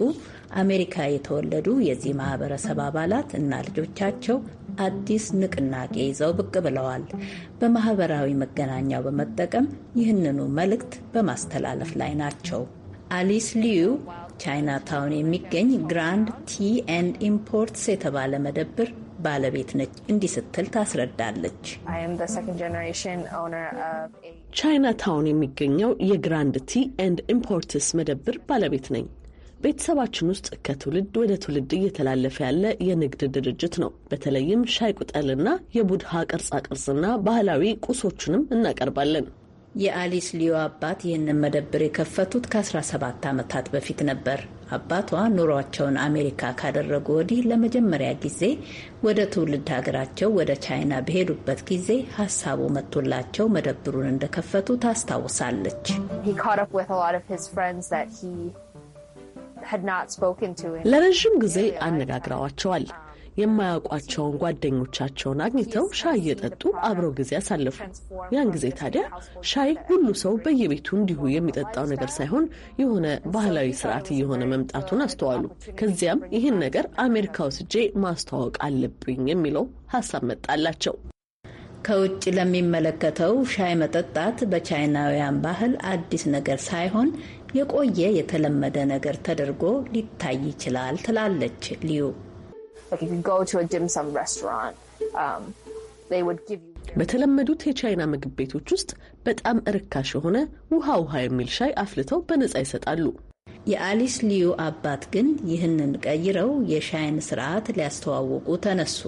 አሜሪካ የተወለዱ የዚህ ማህበረሰብ አባላት እና ልጆቻቸው አዲስ ንቅናቄ ይዘው ብቅ ብለዋል። በማህበራዊ መገናኛው በመጠቀም ይህንኑ መልእክት በማስተላለፍ ላይ ናቸው። አሊስ ሊዩ ቻይና ታውን የሚገኝ ግራንድ ቲ ኤንድ ኢምፖርትስ የተባለ መደብር ባለቤት ነች። እንዲህ ስትል ታስረዳለች። ቻይና ታውን የሚገኘው የግራንድ ቲ ኤንድ ኢምፖርትስ መደብር ባለቤት ነኝ። ቤተሰባችን ውስጥ ከትውልድ ወደ ትውልድ እየተላለፈ ያለ የንግድ ድርጅት ነው። በተለይም ሻይ ቁጠልና የቡድሃ ቅርጻቅርጽና ባህላዊ ቁሶቹንም እናቀርባለን። የአሊስ ሊዮ አባት ይህንን መደብር የከፈቱት ከ17 ዓመታት በፊት ነበር። አባቷ ኑሯቸውን አሜሪካ ካደረጉ ወዲህ ለመጀመሪያ ጊዜ ወደ ትውልድ ሀገራቸው ወደ ቻይና በሄዱበት ጊዜ ሀሳቡ መጥቶላቸው መደብሩን እንደከፈቱ ታስታውሳለች። ለረዥም ጊዜ አነጋግረዋቸዋል። የማያውቋቸውን ጓደኞቻቸውን አግኝተው ሻይ እየጠጡ አብረው ጊዜ አሳለፉ። ያን ጊዜ ታዲያ ሻይ ሁሉ ሰው በየቤቱ እንዲሁ የሚጠጣው ነገር ሳይሆን የሆነ ባህላዊ ስርዓት እየሆነ መምጣቱን አስተዋሉ። ከዚያም ይህን ነገር አሜሪካ ወስጄ ማስተዋወቅ አለብኝ የሚለው ሀሳብ መጣላቸው። ከውጭ ለሚመለከተው ሻይ መጠጣት በቻይናውያን ባህል አዲስ ነገር ሳይሆን የቆየ የተለመደ ነገር ተደርጎ ሊታይ ይችላል ትላለች ሊዩ። um, በተለመዱት የቻይና ምግብ ቤቶች ውስጥ በጣም እርካሽ የሆነ ውሃ ውሃ የሚል ሻይ አፍልተው በነጻ ይሰጣሉ። የአሊስ ሊዩ አባት ግን ይህንን ቀይረው የሻይን ስርዓት ሊያስተዋውቁ ተነሱ።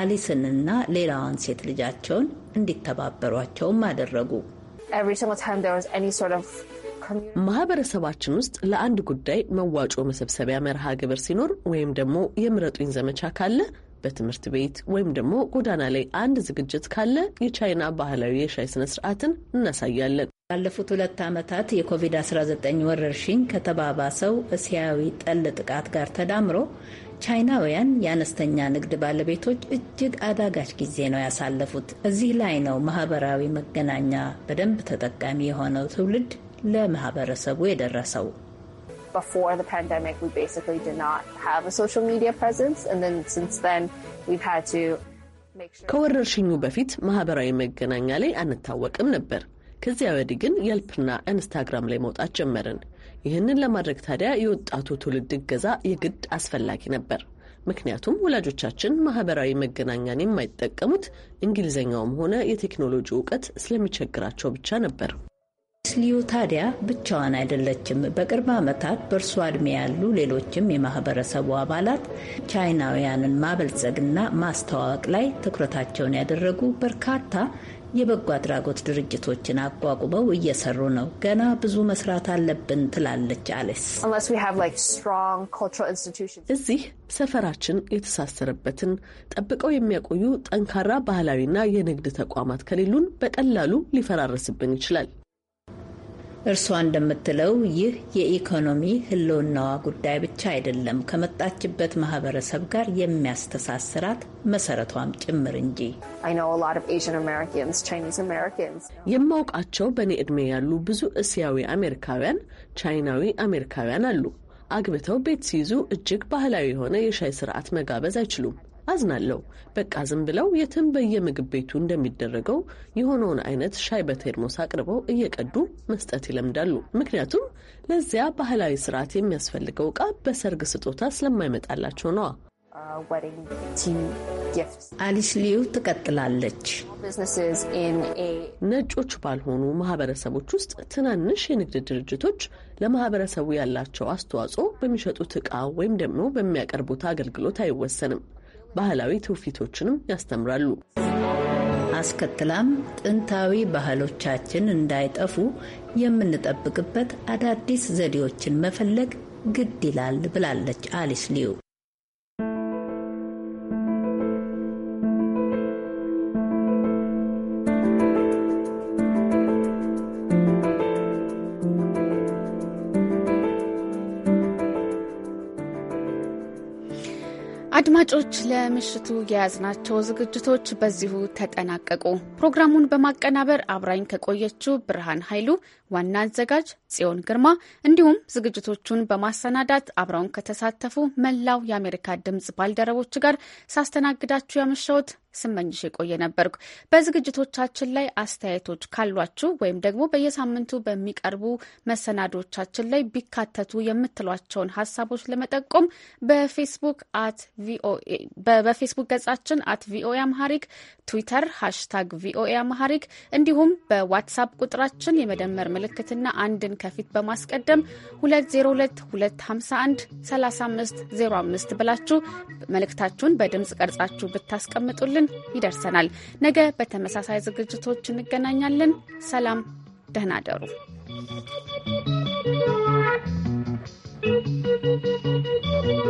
አሊስንና ሌላዋን ሴት ልጃቸውን እንዲተባበሯቸውም አደረጉ። ማህበረሰባችን ውስጥ ለአንድ ጉዳይ መዋጮ መሰብሰቢያ መርሃ ግብር ሲኖር ወይም ደግሞ የምረጡኝ ዘመቻ ካለ በትምህርት ቤት ወይም ደግሞ ጎዳና ላይ አንድ ዝግጅት ካለ የቻይና ባህላዊ የሻይ ስነ ስርዓትን እናሳያለን። ባለፉት ሁለት ዓመታት የኮቪድ-19 ወረርሽኝ ከተባባሰው እስያዊ ጠል ጥቃት ጋር ተዳምሮ ቻይናውያን የአነስተኛ ንግድ ባለቤቶች እጅግ አዳጋች ጊዜ ነው ያሳለፉት። እዚህ ላይ ነው ማህበራዊ መገናኛ በደንብ ተጠቃሚ የሆነው ትውልድ ለማህበረሰቡ የደረሰው። ከወረርሽኙ በፊት ማህበራዊ መገናኛ ላይ አንታወቅም ነበር። ከዚያ ወዲህ ግን የልፕና ኢንስታግራም ላይ መውጣት ጀመርን። ይህንን ለማድረግ ታዲያ የወጣቱ ትውልድ እገዛ የግድ አስፈላጊ ነበር። ምክንያቱም ወላጆቻችን ማህበራዊ መገናኛን የማይጠቀሙት እንግሊዝኛውም ሆነ የቴክኖሎጂ እውቀት ስለሚቸግራቸው ብቻ ነበር። ስሊዩ ታዲያ ብቻዋን አይደለችም። በቅርብ ዓመታት በእርሷ ዕድሜ ያሉ ሌሎችም የማህበረሰቡ አባላት ቻይናውያንን ማበልጸግና ማስተዋወቅ ላይ ትኩረታቸውን ያደረጉ በርካታ የበጎ አድራጎት ድርጅቶችን አቋቁመው እየሰሩ ነው። ገና ብዙ መስራት አለብን ትላለች አሌስ። እዚህ ሰፈራችን የተሳሰረበትን ጠብቀው የሚያቆዩ ጠንካራ ባህላዊና የንግድ ተቋማት ከሌሉን በቀላሉ ሊፈራረስብን ይችላል። እርሷ እንደምትለው ይህ የኢኮኖሚ ሕልውናዋ ጉዳይ ብቻ አይደለም፣ ከመጣችበት ማህበረሰብ ጋር የሚያስተሳስራት መሰረቷም ጭምር እንጂ። የማውቃቸው በእኔ ዕድሜ ያሉ ብዙ እስያዊ አሜሪካውያን፣ ቻይናዊ አሜሪካውያን አሉ። አግብተው ቤት ሲይዙ እጅግ ባህላዊ የሆነ የሻይ ስርዓት መጋበዝ አይችሉም። አዝናለሁ። በቃ ዝም ብለው የትም በየምግብ ቤቱ እንደሚደረገው የሆነውን አይነት ሻይ በቴርሞስ አቅርበው እየቀዱ መስጠት ይለምዳሉ። ምክንያቱም ለዚያ ባህላዊ ስርዓት የሚያስፈልገው እቃ በሰርግ ስጦታ ስለማይመጣላቸው ነዋ። አሊስ ሊዩ ትቀጥላለች። ነጮች ባልሆኑ ማህበረሰቦች ውስጥ ትናንሽ የንግድ ድርጅቶች ለማህበረሰቡ ያላቸው አስተዋጽኦ በሚሸጡት ዕቃ ወይም ደግሞ በሚያቀርቡት አገልግሎት አይወሰንም። ባህላዊ ትውፊቶችንም ያስተምራሉ። አስከትላም ጥንታዊ ባህሎቻችን እንዳይጠፉ የምንጠብቅበት አዳዲስ ዘዴዎችን መፈለግ ግድ ይላል ብላለች አሊስ ሊዩ። አድማጮች ለምሽቱ የያዝናቸው ዝግጅቶች በዚሁ ተጠናቀቁ። ፕሮግራሙን በማቀናበር አብራኝ ከቆየችው ብርሃን ኃይሉ ዋና አዘጋጅ ጽዮን ግርማ እንዲሁም ዝግጅቶቹን በማሰናዳት አብረውን ከተሳተፉ መላው የአሜሪካ ድምጽ ባልደረቦች ጋር ሳስተናግዳችሁ ያመሻውት ስመኝሽ የቆየ ነበርኩ። በዝግጅቶቻችን ላይ አስተያየቶች ካሏችሁ ወይም ደግሞ በየሳምንቱ በሚቀርቡ መሰናዶቻችን ላይ ቢካተቱ የምትሏቸውን ሀሳቦች ለመጠቆም በፌስቡክ አት በፌስቡክ ገጻችን አት ቪኦኤ አምሃሪክ፣ ትዊተር ሃሽታግ ቪኦኤ አምሃሪክ እንዲሁም በዋትሳፕ ቁጥራችን የመደመር ምልክትና አንድን ከፊት በማስቀደም 2022513505 ብላችሁ መልእክታችሁን በድምፅ ቀርጻችሁ ብታስቀምጡልን ይደርሰናል። ነገ በተመሳሳይ ዝግጅቶች እንገናኛለን። ሰላም፣ ደህና ደሩ።